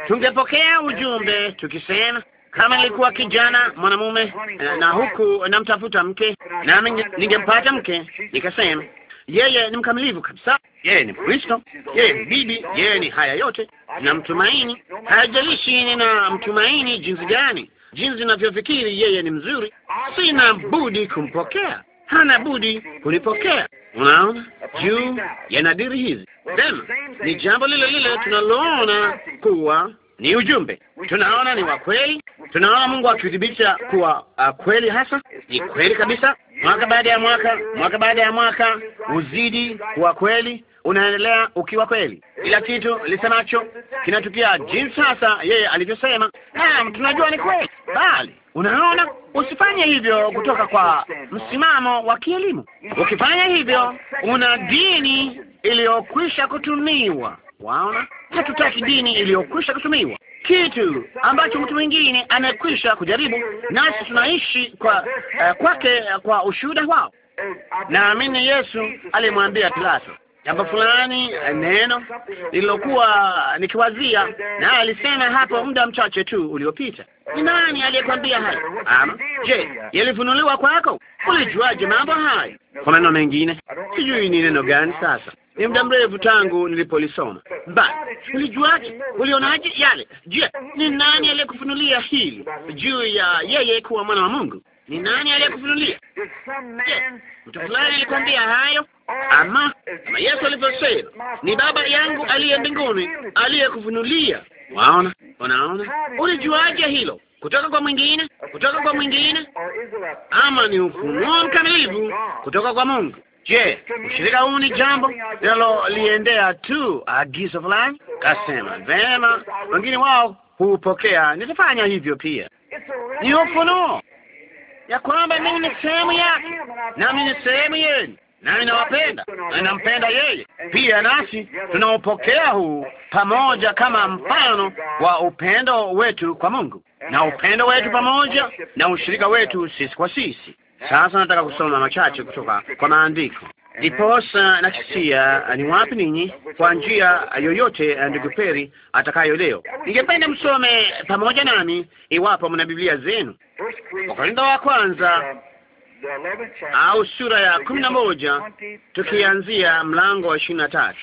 tungepokea ujumbe tukisema kama nilikuwa kijana mwanamume eh, na huku namtafuta mke, nami ningempata mke, nikasema yeye ni mkamilivu kabisa, yeye ni Kristo, yeye ni bibi, yeye ni haya yote, namtumaini. Haijalishi nina mtumaini jinsi gani, jinsi ninavyofikiri yeye ni mzuri, sina budi kumpokea hana budi kulipokea. Unaona, juu ya nadiri hizi sema, ni jambo lile lile tunaloona kuwa ni ujumbe, tunaona ni wa kweli, tunaona Mungu akithibitisha kuwa uh, kweli hasa ni kweli kabisa, mwaka baada ya mwaka, mwaka baada ya mwaka uzidi kuwa kweli, unaendelea ukiwa kweli. Kila kitu lisemacho kinatukia jinsi sasa yeye alivyosema. Naam, tunajua ni kweli, bali unaona, usifanye hivyo kutoka kwa msimamo wa kielimu. Ukifanya hivyo, una dini iliyokwisha kutumiwa. Waona, hatutaki dini iliyokwisha kutumiwa, kitu ambacho mtu mwingine amekwisha kujaribu, nasi tunaishi kwa uh, kwake, kwa ushuhuda wao. Naamini Yesu alimwambia Pilato jambo fulani, eh, neno lililokuwa nikiwazia, na alisema hapo muda mchache tu uliopita. Ni nani aliyekwambia hayo? Ama je, yalifunuliwa kwako? Ulijuaje mambo hayo? Kwa maneno mengine, sijui ni neno gani sasa ni muda mrefu tangu nilipolisoma. ba ulijuaje? Ulionaje yale? Je, ni nani aliyekufunulia hili juu ya yeye kuwa mwana wa Mungu? Ni nani aliyekufunulia? Mtu fulani alikwambia hayo, ama ama Yesu alivyosema, ni Baba yangu aliye mbinguni aliyekufunulia. Waona, unaona, ulijuaje hilo? Kutoka kwa mwingine, kutoka kwa mwingine, ama ni ufunuo mkamilifu kutoka kwa Mungu? Je, ushirika huu ni jambo linaloliendea tu agizo fulani? Kasema vema, wengine wao huupokea, nitafanya hivyo pia. Ni ufunuo ya kwamba mimi ni sehemu yake, nami ni sehemu yenu, nami nawapenda na nampenda yeye pia, nasi tunaopokea huu pamoja kama mfano wa upendo wetu kwa Mungu na upendo wetu pamoja na ushirika wetu sisi kwa sisi. Sasa nataka kusoma machache kutoka kwa maandiko. Ndiposa nakisia ni wapi ninyi, kwa njia yoyote ya ndugu Peri atakayo leo. Ningependa msome pamoja nami, iwapo mna Biblia zenu, Wakorintho wa kwanza au sura ya kumi na moja tukianzia mlango wa ishirini na tatu.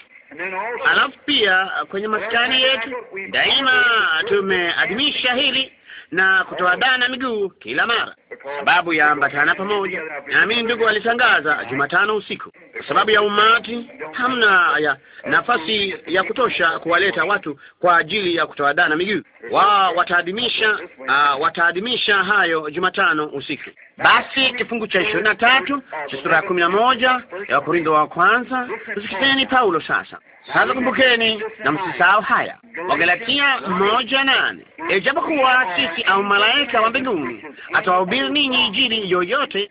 Alafu pia kwenye maskani yetu daima tumeadhimisha hili na kutoa dana miguu kila mara, sababu yaambatana pamoja. Naamini ndugu alitangaza Jumatano usiku sababu ya umati, hamna ya nafasi ya kutosha kuwaleta watu kwa ajili ya kutawadana miguu wao. Wataadhimisha uh, wataadhimisha hayo Jumatano usiku. Basi kifungu cha ishirini na tatu cha sura ya kumi na moja ya Wakorintho wa kwanza, tusikieni Paulo sasa. Sasa kumbukeni na msisahau haya, Wagalatia moja nane ijapokuwa sisi au malaika wa mbinguni atawahubiri ninyi injili yoyote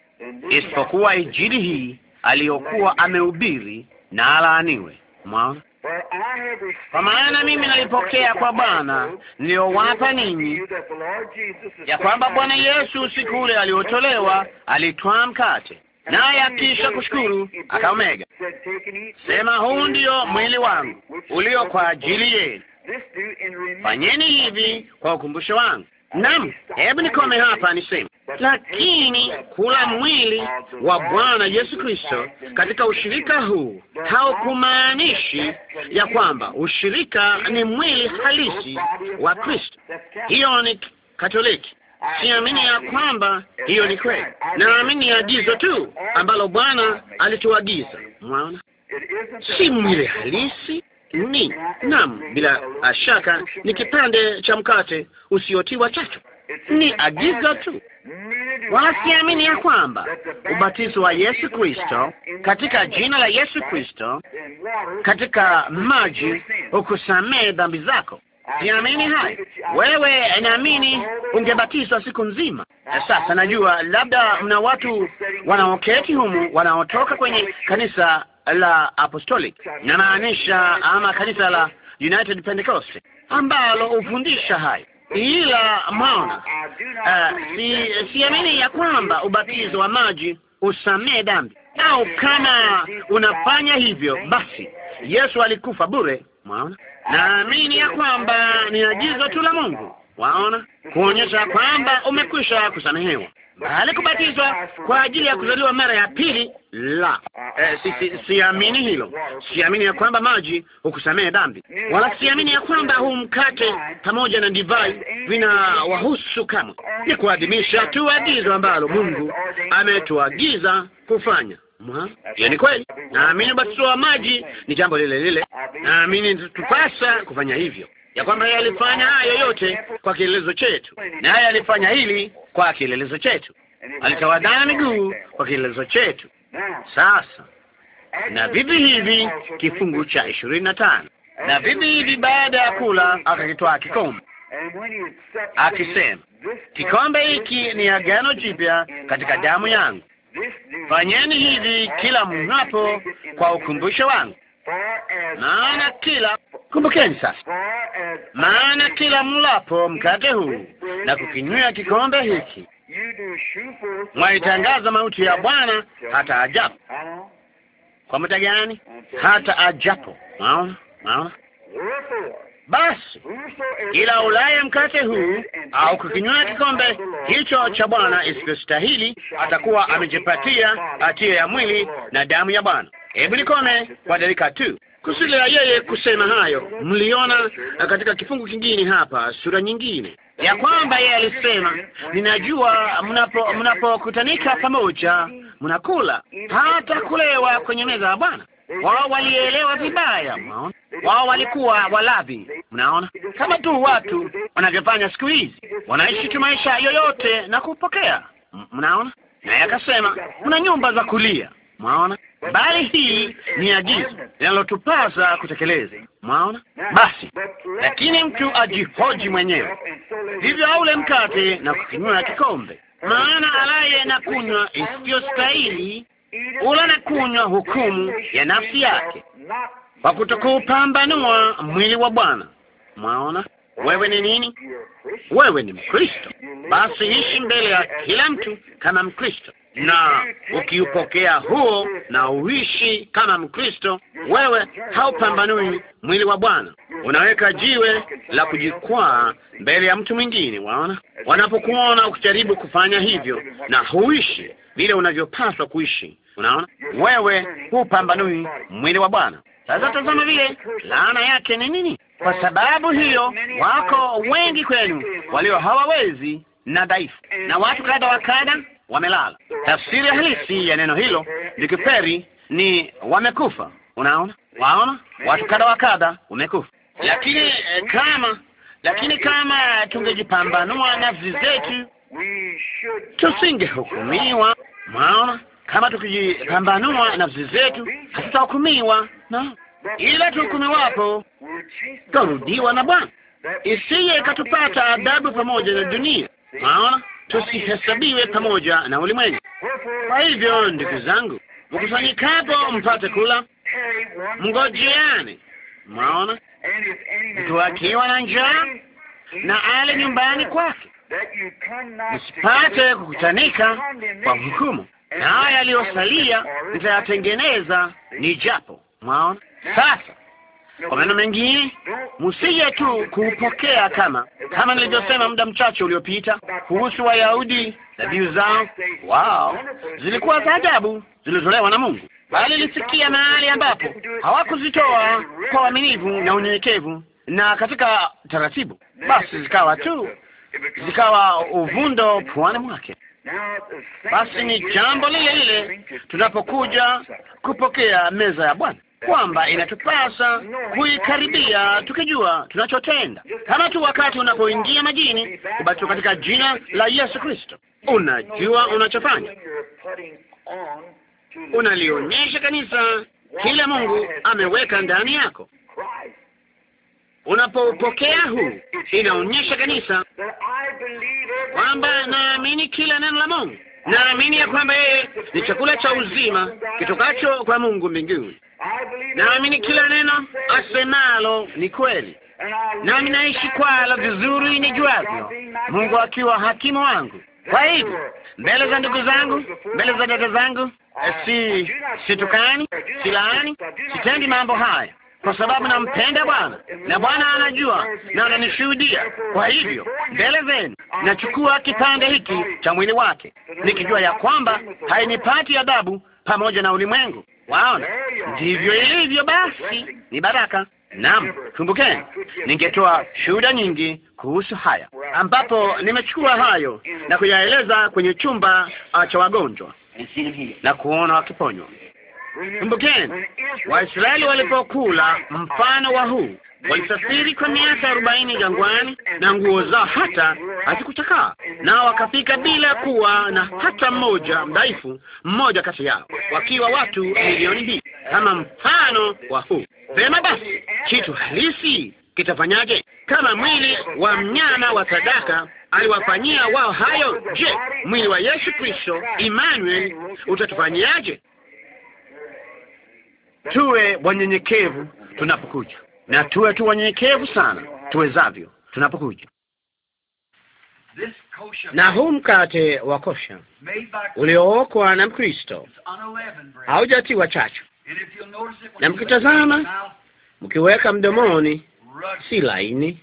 isipokuwa injili hii aliyokuwa amehubiri na alaaniwe. Mwaona, kwa maana mimi nalipokea kwa Bwana niliyowapa ninyi, ya kwamba Bwana Yesu usiku ule aliotolewa alitwaa mkate, naye akisha kushukuru akaomega, sema, huu ndiyo mwili wangu ulio kwa ajili yenu, fanyeni hivi kwa ukumbusho wangu. Naam, hebu nikome hapa niseme lakini kula mwili wa Bwana Yesu Kristo katika ushirika huu haukumaanishi ya kwamba ushirika ni mwili halisi wa Kristo. Hiyo ni Katoliki. Siamini ya kwamba hiyo ni kweli. Naamini agizo tu ambalo Bwana alituagiza. Mwaona, si mwili halisi ni nam, bila shaka ni kipande cha mkate usiotiwa chachu ni agizo tu. wasiamini ya kwamba ubatizo wa Yesu Kristo katika jina la Yesu Kristo katika maji hukusamee dhambi zako. Siamini hayo. Wewe naamini ungebatizwa siku nzima. Sasa najua labda mna watu wanaoketi humu wanaotoka kwenye kanisa la Apostolic, namaanisha ama kanisa la United Pentecost ambalo hufundisha hayo ila mwana uh, eh, si, siamini ya kwamba ubatizo wa maji usamee dhambi, au kama unafanya hivyo basi Yesu alikufa bure. Mwaona, naamini ya kwamba ni agizo tu la Mungu, waona, kuonyesha kwamba umekwisha kusamehewa kubatizwa kwa ajili ya kuzaliwa mara ya pili. La, siamini eh, si, si hilo. Siamini ya kwamba maji hukusamehe dhambi, wala siamini ya kwamba huu mkate pamoja na divai vinawahusu kamwe. Ni kuadhimisha tu agizo ambalo Mungu ametuagiza kufanya. Hiyo ni kweli. Naamini ubatizo wa maji ni jambo lile lile, naamini tupasa kufanya hivyo ya kwamba yeye alifanya hayo yote kwa kielelezo chetu, naye alifanya hili kwa kielelezo chetu, alitawadhana miguu kwa kielelezo chetu. Sasa na vivi hivi kifungu cha ishirini na tano na vivi hivi, baada ya kula akakitwaa kikombe akisema, kikombe hiki ni agano jipya katika damu yangu, fanyeni hivi kila mnapo kwa ukumbusho wangu. Maana kila kumbukeni sasa, maana kila mlapo mkate huu na kukinywia kikombe hiki mwaitangaza mauti ya Bwana hata ajapo. Kwa muda gani? Hata ajapo. Maona, maona basi ila ulaye mkate huu au kukinywa kikombe hicho cha Bwana isivyostahili, atakuwa amejipatia hatia ya mwili na damu ya Bwana. Hebu nikome kwa dakika tu kusudi la yeye kusema hayo. Mliona katika kifungu kingine hapa, sura nyingine ya kwamba yeye alisema, ninajua mnapo mnapokutanika pamoja mnakula hata kulewa kwenye meza ya Bwana. Wao walielewa vibaya, mnaona. Wao walikuwa walavi, mnaona, kama tu watu wanavyofanya siku hizi, wanaishi tu maisha yoyote na kupokea, mnaona. Naye akasema kuna nyumba za kulia, mwaona, bali hii ni agizo linalotupasa kutekeleza, mwaona. Basi lakini mtu ajihoji mwenyewe, hivyo aule mkate na kukinywa kikombe, maana alaye na kunywa isiyostahili ula na kunywa hukumu ya nafsi yake kwa kutokuupambanua mwili wa Bwana. Mwaona, wewe ni nini? Wewe ni Mkristo, basi ishi mbele ya kila mtu kama Mkristo, na ukiupokea huo na uishi kama Mkristo, wewe haupambanui mwili wa Bwana. Unaweka jiwe la kujikwaa mbele ya mtu mwingine. Waona, wanapokuona ukijaribu kufanya hivyo na huishi vile unavyopaswa kuishi Unaona, wewe hupambanui mwili wa Bwana. Sasa tazama vile laana yake ni nini. Kwa sababu hiyo, wako wengi kwenu walio hawawezi na dhaifu, na watu kadha wa kadha wamelala. Tafsiri halisi ya neno hilo kiperi, ni wamekufa. Unaona, waona watu kadha wa kadha wamekufa. Lakini eh, kama lakini kama tungejipambanua nafsi zetu tusingehukumiwa. Maona kama tukijipambanua nafsi zetu, hatutahukumiwa na ila tuhukumiwapo, tutarudiwa na Bwana, isiye katupata adabu pamoja na dunia, maana tusihesabiwe pamoja na ulimwengu. Kwa hivyo, ndugu zangu, mkusanyikapo mpate kula, mngojeane, maona mtu akiwa na njaa na ale nyumbani kwake, msipate kukutanika kwa hukumu, na haya yaliyosalia nitayatengeneza ni japo. Mwaona sasa, kwa maneno mengine, msije tu kuupokea kama kama nilivyosema muda mchache uliopita kuhusu Wayahudi na biu zao wao zilikuwa za ajabu zilizotolewa na Mungu, bali lisikia mahali ambapo hawakuzitoa kwa uaminivu na unyenyekevu na katika taratibu, basi zikawa tu zikawa uvundo pwani mwake. Basi ni jambo lile lile tunapokuja kupokea meza ya Bwana, kwamba inatupasa kuikaribia tukijua tunachotenda, kama tu wakati unapoingia majini, kubatizwa katika jina la Yesu Kristo. Unajua unachofanya, unalionyesha kanisa kile Mungu ameweka ndani yako. Unapopokea huu, inaonyesha kanisa kwamba naamini kila neno la Mungu, naamini ya kwamba yeye ni chakula cha uzima kitokacho kwa Mungu mbinguni. Naamini kila neno asemalo ni kweli, nami naishi kwalo vizuri nijuavyo, Mungu akiwa hakimu wangu. Kwa hivyo mbele za ndugu zangu, mbele za dada zangu, eh, si situkani, silaani, sitendi mambo haya kwa sababu nampenda Bwana na Bwana anajua na ananishuhudia. Kwa hivyo mbele zenu nachukua kipande hiki cha mwili wake, nikijua ya kwamba hainipati adhabu pamoja na ulimwengu. Waona, ndivyo ilivyo. Basi ni baraka. Naam, kumbukeni, ningetoa shuhuda nyingi kuhusu haya, ambapo nimechukua hayo na kuyaeleza kwenye chumba ah, cha wagonjwa na kuona wakiponywa. Kumbukeni, Waisraeli walipokula mfano wa huu, walisafiri kwa miaka arobaini jangwani na nguo zao hata hazikuchakaa, nao wakafika bila kuwa na hata mmoja mdhaifu, mmoja kati yao, wakiwa watu milioni mbili, kama mfano wa huu. Vema basi, kitu halisi kitafanyaje? Kama mwili wa mnyama wa sadaka aliwafanyia wao hayo, je, mwili wa Yesu Kristo Emmanuel utatufanyiaje? tuwe wanyenyekevu tunapokuja, na tuwe tu wanyenyekevu sana tuwezavyo tunapokuja. Na huu mkate wa kosha uliookwa na Mkristo haujatiwa chachu, na mkitazama, mkiweka mdomoni, si laini,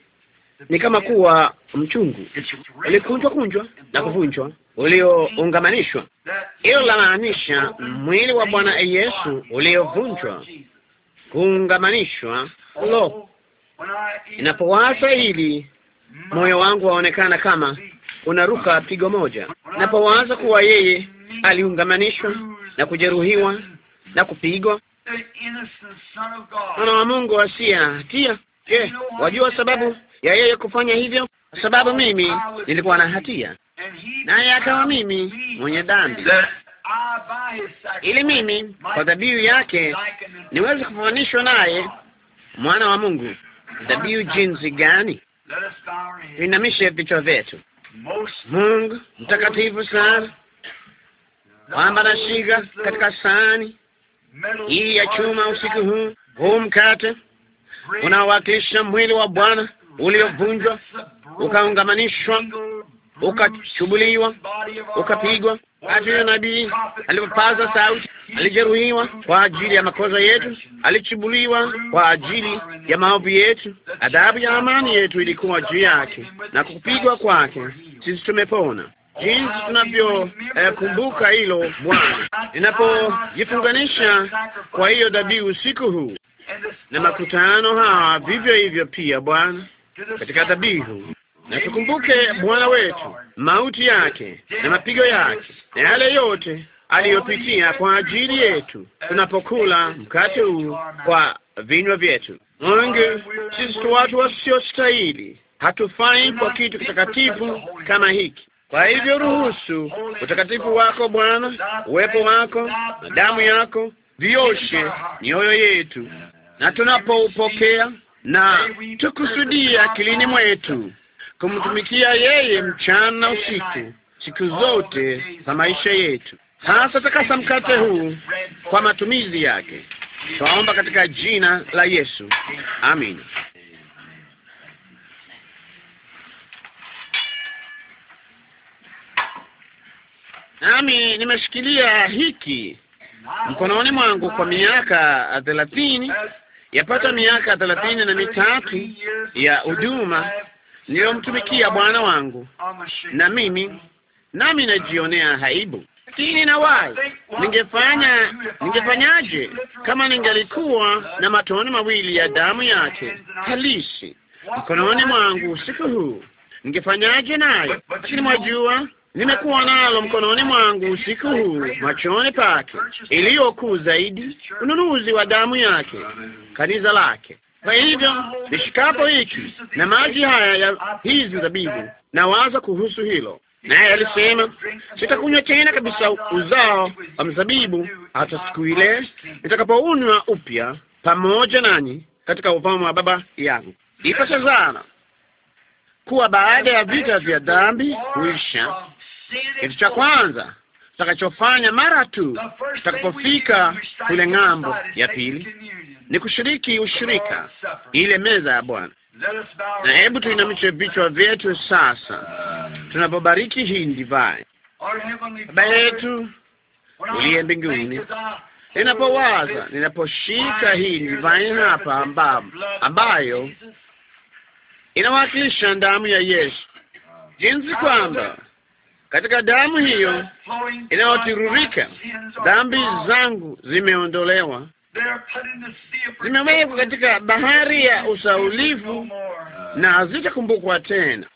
ni kama kuwa mchungu ulikunjwa kunjwa na kuvunjwa, ulioungamanishwa. Hilo maanisha mwili wa Bwana Yesu uliovunjwa, kuungamanishwa. Lo, inapowaza hili moyo wangu waonekana kama unaruka pigo moja, napowaza kuwa yeye aliungamanishwa na kujeruhiwa na kupigwa, mwana wa Mungu asiye na hatia. Je, wajua sababu ya yeye kufanya hivyo? Sababu mimi nilikuwa na hatia, naye akawa mimi mwenye dhambi, ili mimi kwa dhabihu yake niweze kufananishwa naye mwana wa Mungu. Dhabihu jinsi gani? Tuinamishe vichwa vyetu. Mungu mtakatifu sana, kwamba nashika katika sahani hii ya chuma usiku huu huu mkate unaowakilisha mwili wa Bwana uliovunjwa ukaungamanishwa ukachubuliwa ukapigwa, hata nabii alipopaza sauti, alijeruhiwa kwa ajili ya makosa yetu, alichubuliwa kwa ajili ya maovu yetu, adhabu ya amani yetu ilikuwa juu yake, na kupigwa kwake sisi tumepona. Jinsi tunavyokumbuka eh, hilo Bwana, ninapojifunganisha kwa hiyo dhabihu usiku huu na makutano hawa, vivyo hivyo pia Bwana, katika dhabihu na tukumbuke Bwana wetu, mauti yake na mapigo yake na yale yote aliyopitia kwa ajili yetu, tunapokula mkate huu kwa vinywa vyetu. Mungu, sisi tu watu wasiostahili, hatufai kwa kitu kitakatifu kama hiki. Kwa hivyo ruhusu utakatifu wako Bwana, uwepo wako na damu yako vioshe mioyo yetu, na tunapoupokea na tukusudia kilini mwetu kumtumikia yeye mchana usiku, siku zote za maisha yetu. Sasa takasa mkate huu kwa matumizi yake. Twaomba katika jina la Yesu, amina. Nami nimeshikilia hiki mkononi mwangu kwa miaka thelathini, yapata miaka thelathini na mitatu ya huduma niliyomtumikia Bwana wangu, na mimi nami najionea haibu, lakini wai Ningefanya ningefanyaje kama ningelikuwa na matone mawili ya damu yake halisi mkononi mwangu usiku huu? Ningefanyaje nayo? Lakini mwajua nimekuwa nalo mkononi mwangu usiku huu, machoni pake, iliyokuu zaidi, ununuzi wa damu yake, kanisa lake. Kwa hivyo nishikapo hiki na maji haya ya hizi zabibu, nawaza kuhusu hilo. Naye alisema sitakunywa tena kabisa uzao wa mzabibu hata siku ile nitakapounywa upya pamoja nanyi katika ufalme wa Baba yangu. Ipasazana kuwa baada ya vita vya dhambi kuisha, kitu cha kwanza tutakachofanya mara tu tutakapofika kule ng'ambo ya pili ni kushiriki ushirika, ile meza ya Bwana. Na hebu tuinamishe vichwa vyetu sasa, tunapobariki hii ndivai Baba yetu uliye mbinguni, ninapowaza, ninaposhika hii divai hapa, ambayo, ambayo inawakilisha damu ya Yesu, jinsi kwamba katika damu hiyo inayotiririka dhambi zangu zimeondolewa zimewekwa katika bahari ya usaulivu na hazitakumbukwa tena.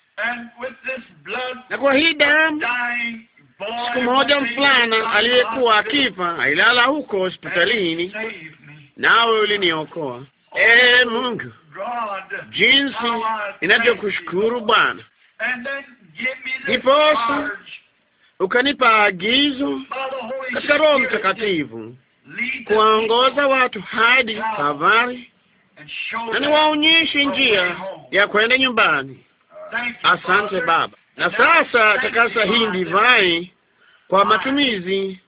Na kwa hii damu, siku moja mfulana aliyekuwa akifa ailala huko hospitalini, nawe uliniokoa. Oh, ee Mungu, jinsi inavyokushukuru Bwana. Niposa ukanipa agizo katika Roho Mtakatifu kuwaongoza watu hadi Kavari na niwaonyeshe njia ya kwenda nyumbani. Asante Baba. Na sasa takasa hii divai kwa matumizi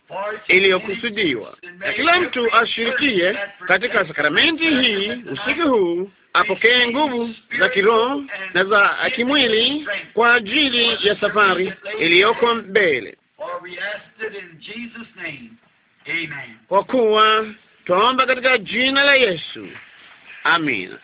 iliyokusudiwa, na kila mtu ashirikie katika sakramenti hii usiku huu, apokee nguvu za kiroho na za kimwili kwa ajili ya safari iliyoko mbele kwa kuwa twaomba katika jina la Yesu, amina.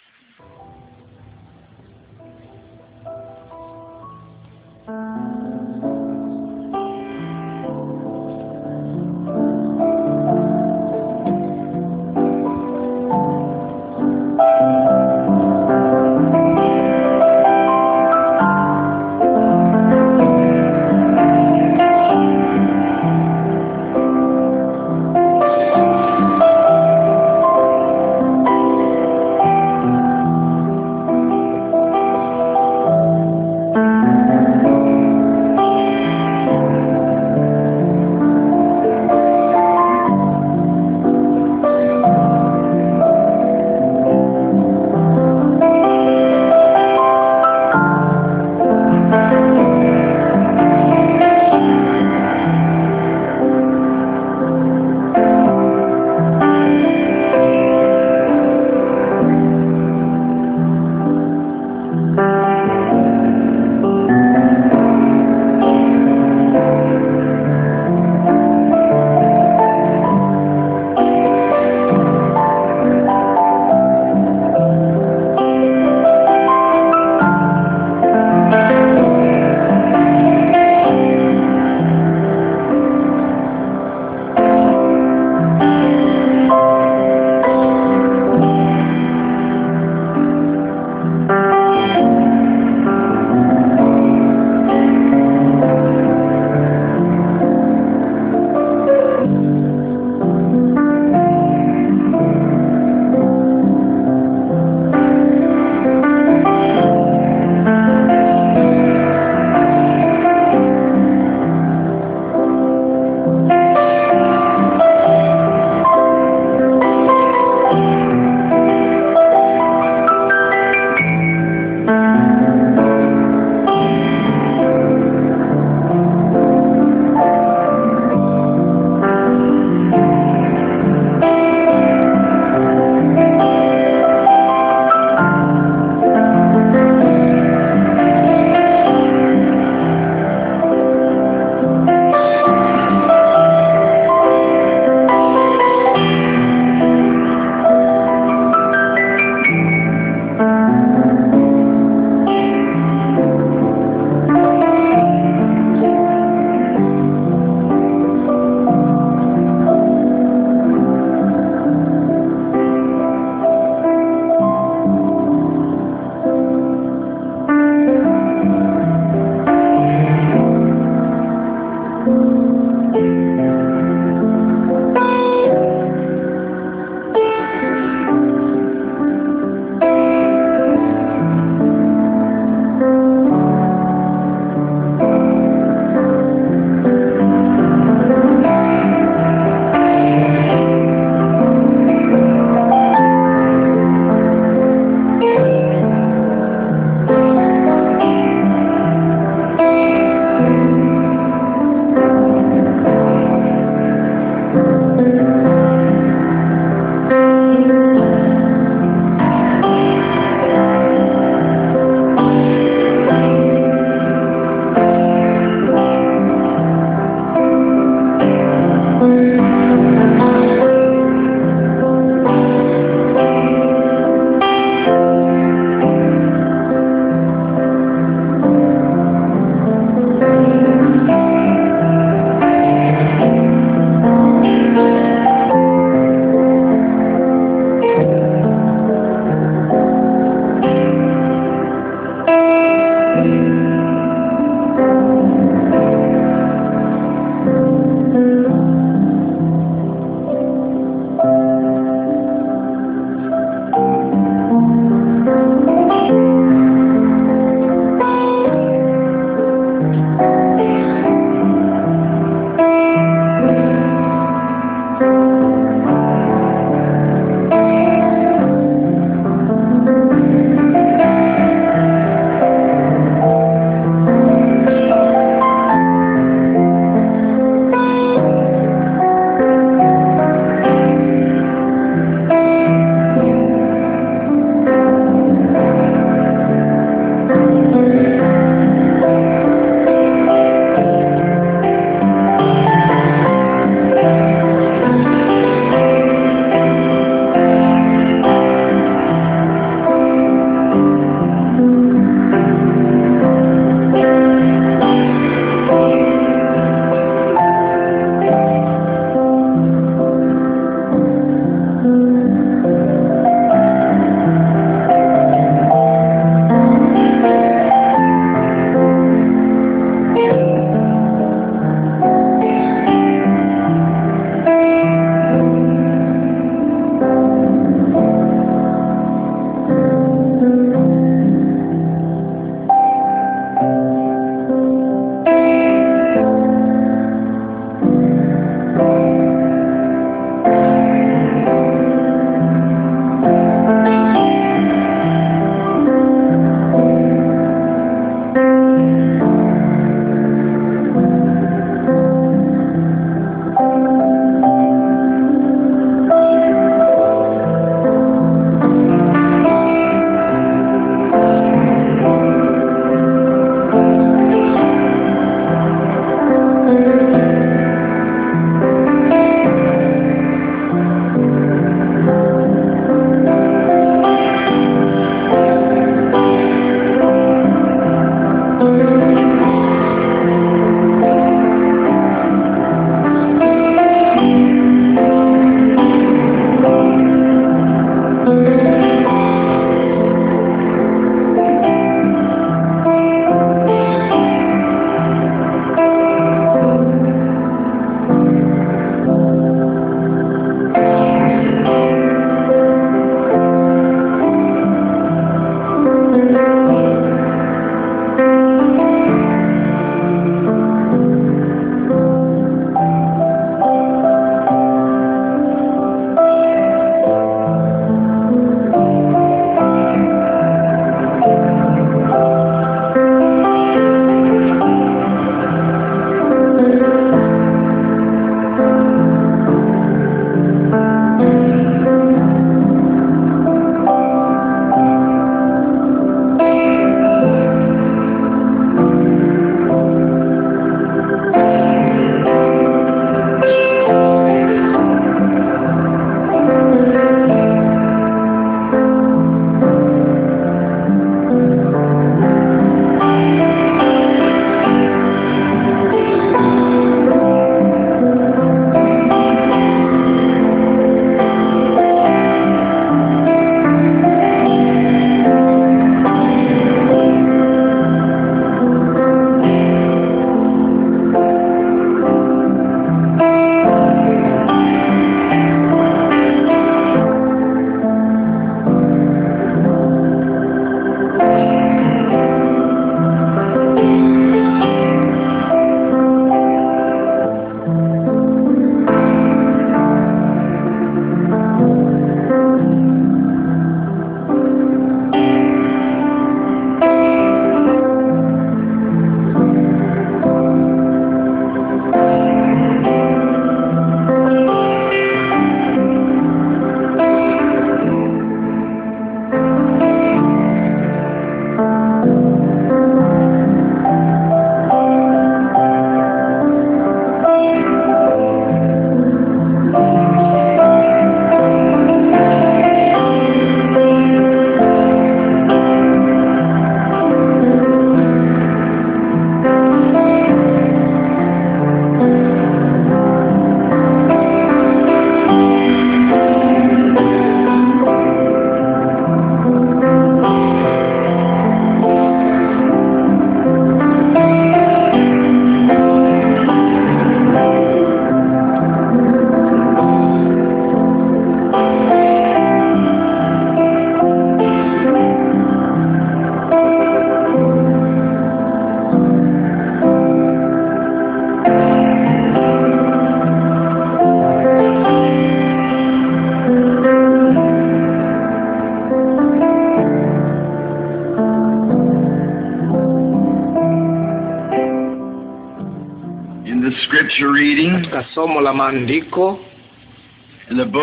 maandiko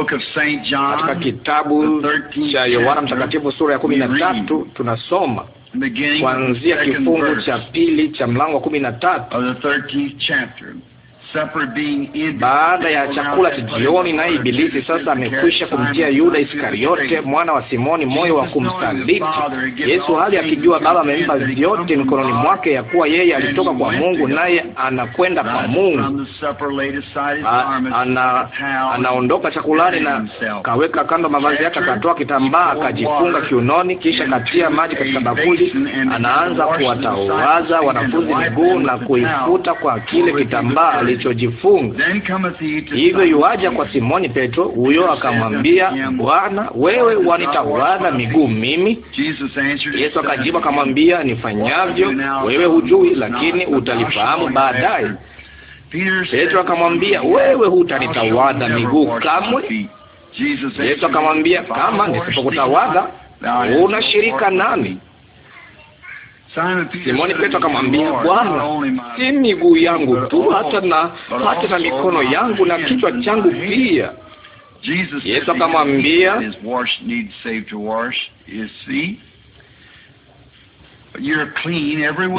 katika kitabu cha Yohana Mtakatifu sura ya kumi na tatu tunasoma kuanzia kifungu cha pili cha mlango wa kumi na tatu baada ya chakula cha jioni, naye Ibilisi sasa amekwisha kumtia Yuda Iskariote mwana wa Simoni moyo wa kumsaliti Yesu, hali akijua Baba amempa vyote mikononi mwake, ya kuwa yeye alitoka kwa Mungu naye anakwenda kwa Mungu. Ana, anaondoka chakulani na kaweka kando mavazi yake, akatoa kitambaa akajifunga kiunoni, kisha katia maji katika bakuli, anaanza kuwatawaza wanafunzi miguu na kuifuta kwa kile kitambaa alichojifunga. Hivyo yuaja kwa Simoni Petro, huyo akamwambia, Bwana, wewe wanitawadha miguu mimi? Yesu akajibu akamwambia, nifanyavyo wewe hujui, lakini utalifahamu baadaye. Petro akamwambia, wewe hutanitawadha miguu kamwe. Yesu akamwambia, kama nisipokutawadha una shirika nami. Simoni Petro akamwambia, Bwana, si miguu yangu tu, hata na hata na mikono yangu na kichwa changu pia. Yesu akamwambia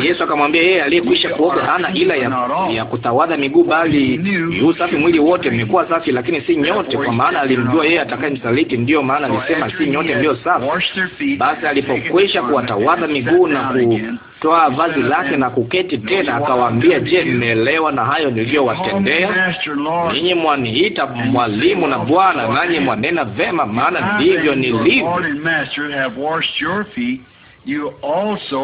Yesu akamwambia yeye aliyekwisha kuoga hana ila ya, ya kutawadha miguu, bali yu safi mwili wote. Mmekuwa safi, lakini si nyote, kwa maana alimjua yeye atakaye msaliti Ndiyo maana alisema si nyote ndiyo safi. Basi alipokwisha kuwatawadha miguu na ku toa vazi lake na kuketi tena, akawaambia, je, mmeelewa na hayo niliyowatendea ninyi? Mwaniita mwalimu na oh, Bwana, nanyi mwanena vema, maana ndivyo nilivyo.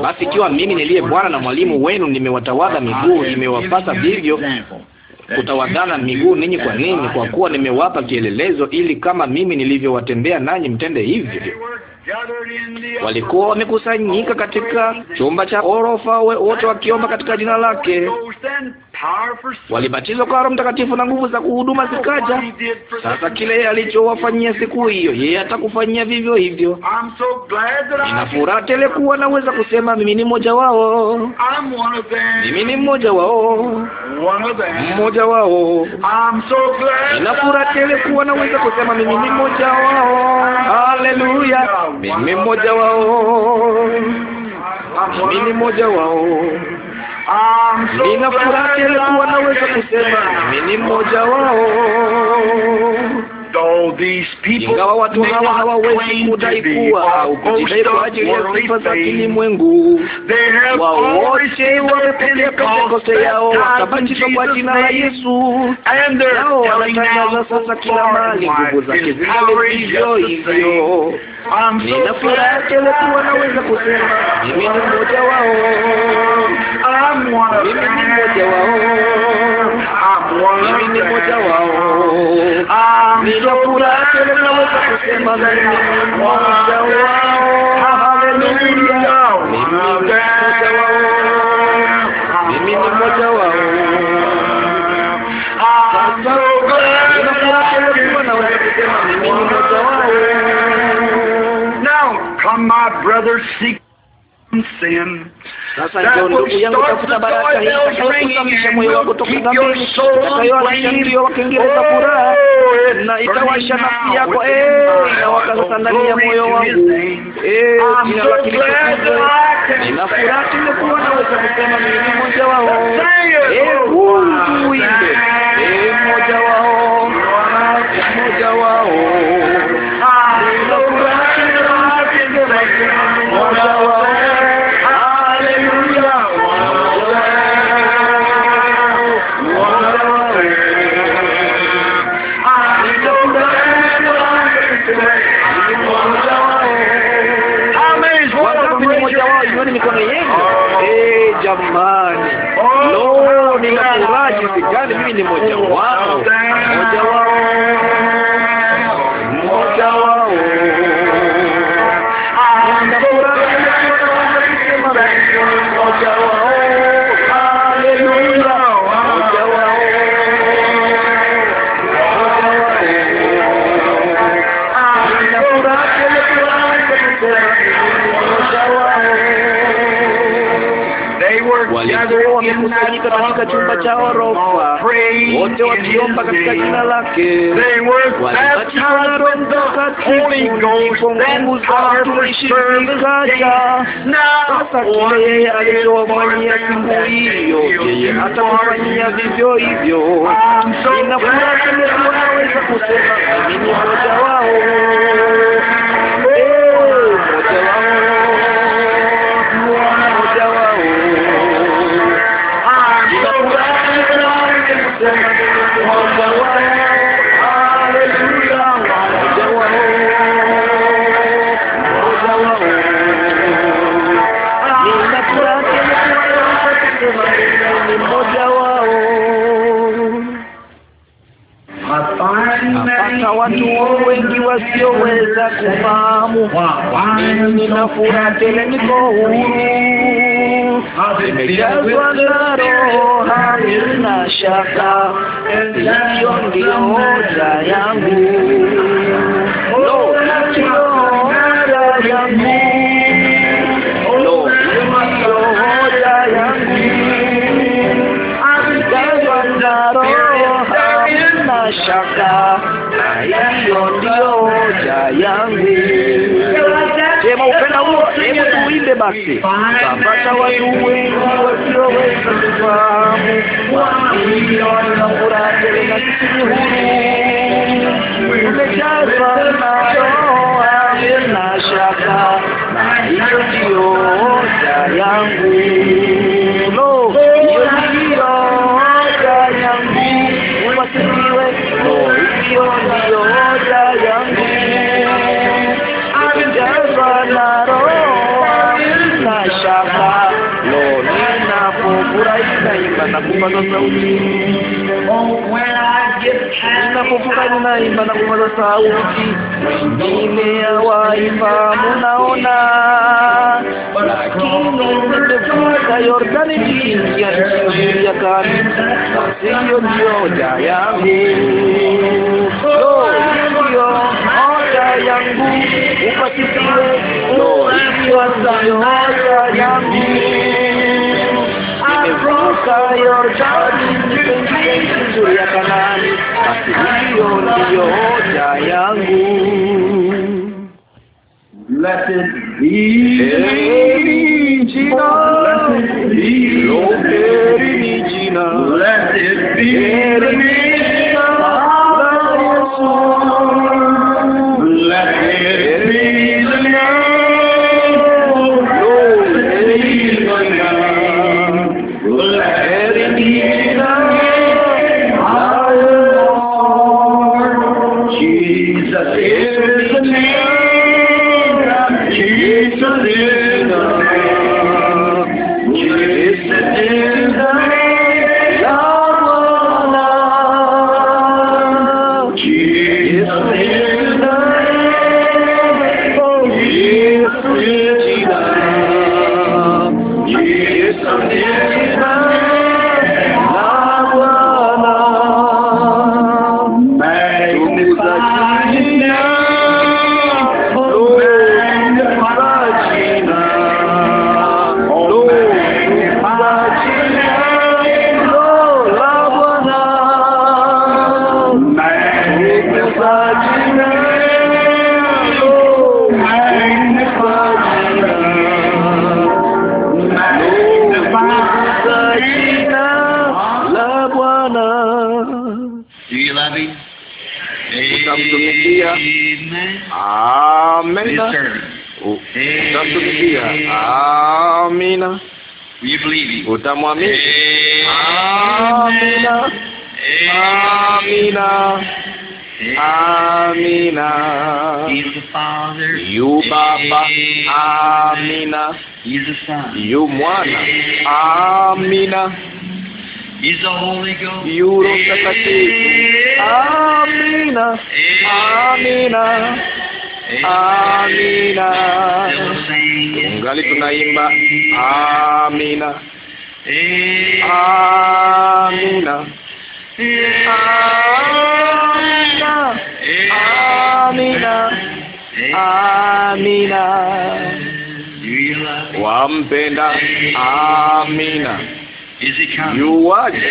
Basi ikiwa mimi niliye Bwana na mwalimu wenu nimewatawadha miguu, imewapasa vivyo kutawadhana miguu ninyi kwa ninyi, kwa kuwa nimewapa kielelezo, ili kama mimi nilivyowatendea nanyi mtende hivyo walikuwa wamekusanyika katika chumba cha orofa, wote wakiomba katika jina lake. Walibatizwa kwa Roho Mtakatifu na nguvu za kuhuduma zikaja. Sasa kile yeye alichowafanyia siku hiyo, yeye atakufanyia vivyo hivyo. Nina furaha tele kuwa naweza kusema mimi ni mmoja wao, mimi ni mmoja wao, mmoja wao. Nina furaha tele kuwa naweza kusema mimi ni mmoja wao. Haleluya! Mimi mmoja wao, mimi ni mmoja wao. Nina furaha tele kuwa naweza kusema mimi ni mmoja wao ingawa watu hawa hawawezi kudai kuwa au kwa ajili ya sifa za kilimwengu, wao wote wamepokea Pentekoste yao wakabatizwa kwa jina la Yesu, nao wanatangaza sasa kila mahali nguvu zake zingali vivyo hivyo. Nina furaha tele kuwa naweza kusema mimi ni mmoja wao, mimi ni mmoja wao. mimi ni mmoja wao. tele kusema mimi ni mmoja wao, mimi ni mmoja wao. mimi ni mmoja wao. Now come my brother seek Sasa ndio ndugu moyo wako toka dhambini, itakayoanzisha wa kengele za na itawasha nafsi yako eh, na waka ndani ya moyo wangu. Eh, jina la Kristo, nina furaha tumekuwa, naweza kusema mimi mmoja wao. Eh, Mungu uimbe, mmoja wao kitu gani? Mimi ni moja wao, moja wao. katika chumba cha orofa, wote wakiomba katika jina lake, walibatizwa na Roho Mtakatifu, nguvu za utumishi Sasa kile yeye alichowafanyia siku hiyo, yeye atakufanyia vivyo hivyo. Ninafurahi naweza kusema mimi mmoja wao. watu wengi wasioweza kufahamu. Nina furaha tele, niko huru, nimejazwa na Roho, hamna shaka. Hiyo ndio hoja yangu, ndio hoja yangu. shaka ndio hoja yangu. Sema upenda huo, hebu tuimbe basi. Tapata watu wengi wasioweza kufahamu, waliona furaha tele na sisi ni huru, tumejazwa na roho na shaka, na hiyo ndio hoja yangu. kalima imanakuwa za sauti, nimewahi naona lakini nimevuka Yordani nikiingia nchi ya Kaanani, siyo njia yangu, siyo hoja yangu, upatisiwe, ndiyo hoja yangu Mivuka Yordani, Kanani, basi hiyo ndiyo hoja yangu. Blessed be jina, blessed be jina, blessed be jina. kumwamini. Amina, amina, amina. Yu Baba, amina. Yu Mwana, amina. Yu Roho Mtakatifu, amina, amina. Amina, ungali tunaimba amina. Amina. Amina. Amina. Amina. Wampenda. Amina. Yuwaje.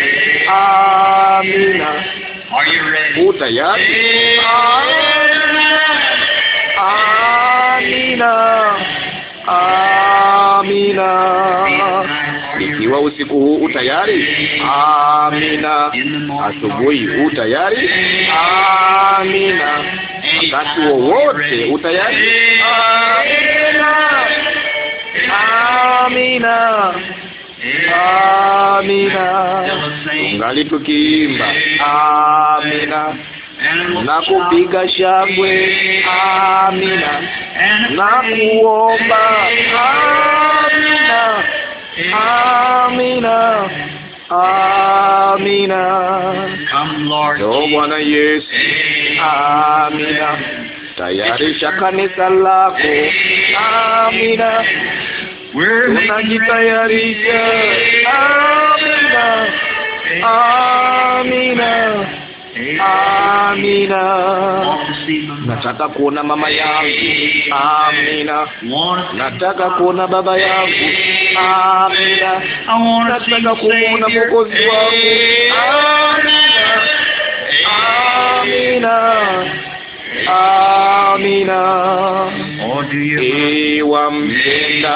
Amina. Utayari. Amina. Amina. Ikiwa usiku huu utayari, amina. Asubuhi tayari amina. Wakati wowote utayari, amina. Amina. Amina. Ungali tukiimba amina na kupiga shangwe amina na kuomba amina. Amina, amina. O Bwana Yesu, amina. Tayarisha kanisa lako, amina. Tunajitayarisha, amina, amina, amina. Nataka kuona mama yangu, amina. Nataka kuona baba yangu Amina. Nataka kumwona mwokozi wangu. Amina. Amina. Iwa oh, ee, mpenda.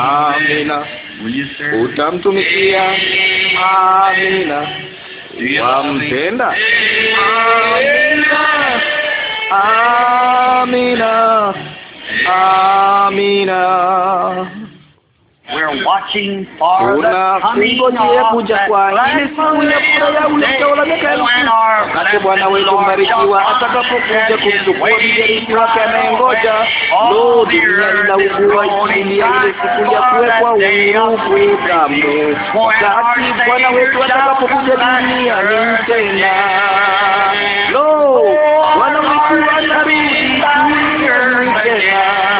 Amina. Utamtumikia. Amina. Wampenda. Amina. Amina. Amina tunamngojea kuja kwa ile siku ya furaha ule utawala miaka elfu wakati Bwana wetu mbarikiwa atakapokuja kumchukua mjerisi wake anayengoja. Lo, dunia inaugua chini ya ile siku ya kuwekwa huru kwetu. Wakati Bwana wetu atakapokuja duniani tena, lo, Bwana wetu atarudi duniani tena.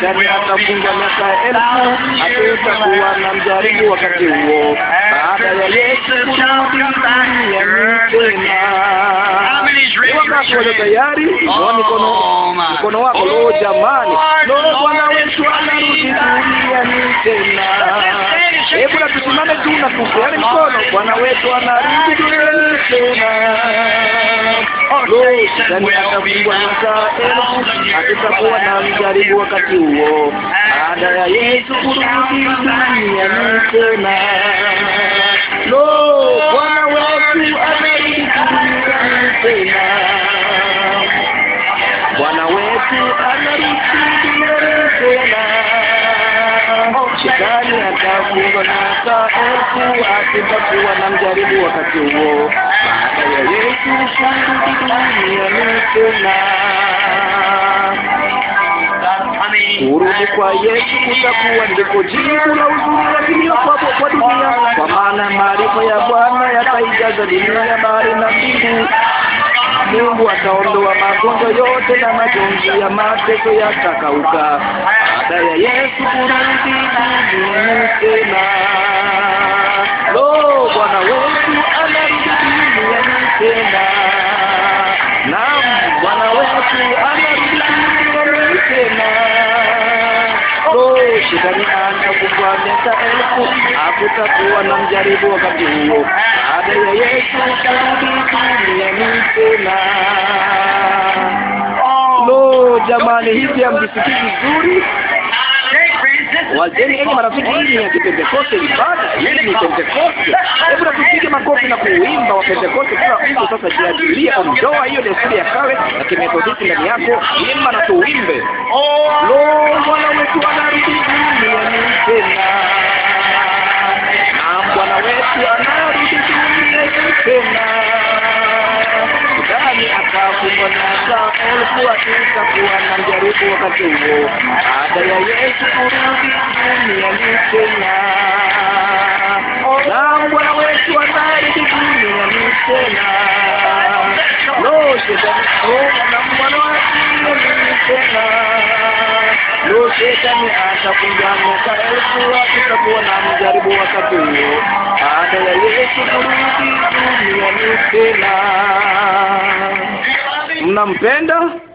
sharti atafunga miaka elfu. kuwa na mjaribu wakati huo. Baada ya Yesu kurudi tayari inua oh, mikono mkono wako. Oh, lo, jamani, lo, Bwana wetu anarudi duniani tena. Hebu na tusimame tu na tupeane mkono. Bwana wetu anarudi duniani tena. Dani atafungwa masaa elfu, hatutakuwa na mjaribu wakati huo, baada ya Yesu kurudi duniani tena. Lo, Bwana wetu anarudi duniani tena. Bwana wetu anarudi duniani tena. Shetani atafungwa masaa elfu, hatutakuwa na mjaribu wakati huo Yesu shangu Kurudi kwa Yesu kutakuwa ndiko jibu la uzuri wa kilio kwa dunia, kwa maana maarifa ya Bwana yataijaza dunia ya bahari na mbingu. Mungu ataondoa magonjwa yote na majonzi ya mateso yatakauka, baada ya Yesu kurudi duniani tena. Lo, Bwana wewe tena. Naam, Bwana wetu anarudi amani tena. Lo, oh, shetani anakufa miaka elfu, hakutakuwa na mjaribu wakati huo. Baada ya Yesu kurudi duniani tena. Lo, oh, jamani, hivi hamjisikii vizuri? wazeni, enyi marafiki, hii ni ya Kipentekoste ibada, hii ni Pentekoste. Hebu na tupige makofi na kuimba wa Pentekoste. Kila mtu sasa jiajiria, ondoa hiyo desturi ya kale na kimethodisti ndani yako, imba na tuimbe. Lo, Bwana wetu anarudi duniani tena, na Bwana wetu anarudi duniani tena kufungwa miaka elfu kuwa na mjaribu wakati huo baada ya Yesu kurudi duniani tena. Na Bwana wetu atarudi duniani tena. Lo, shetani na mwana wake duniani tena. Lo, shetani atafunga miaka elfu hakika na mjaribu wakati huo baada ya Yesu kurudi duniani tena. Mnampenda?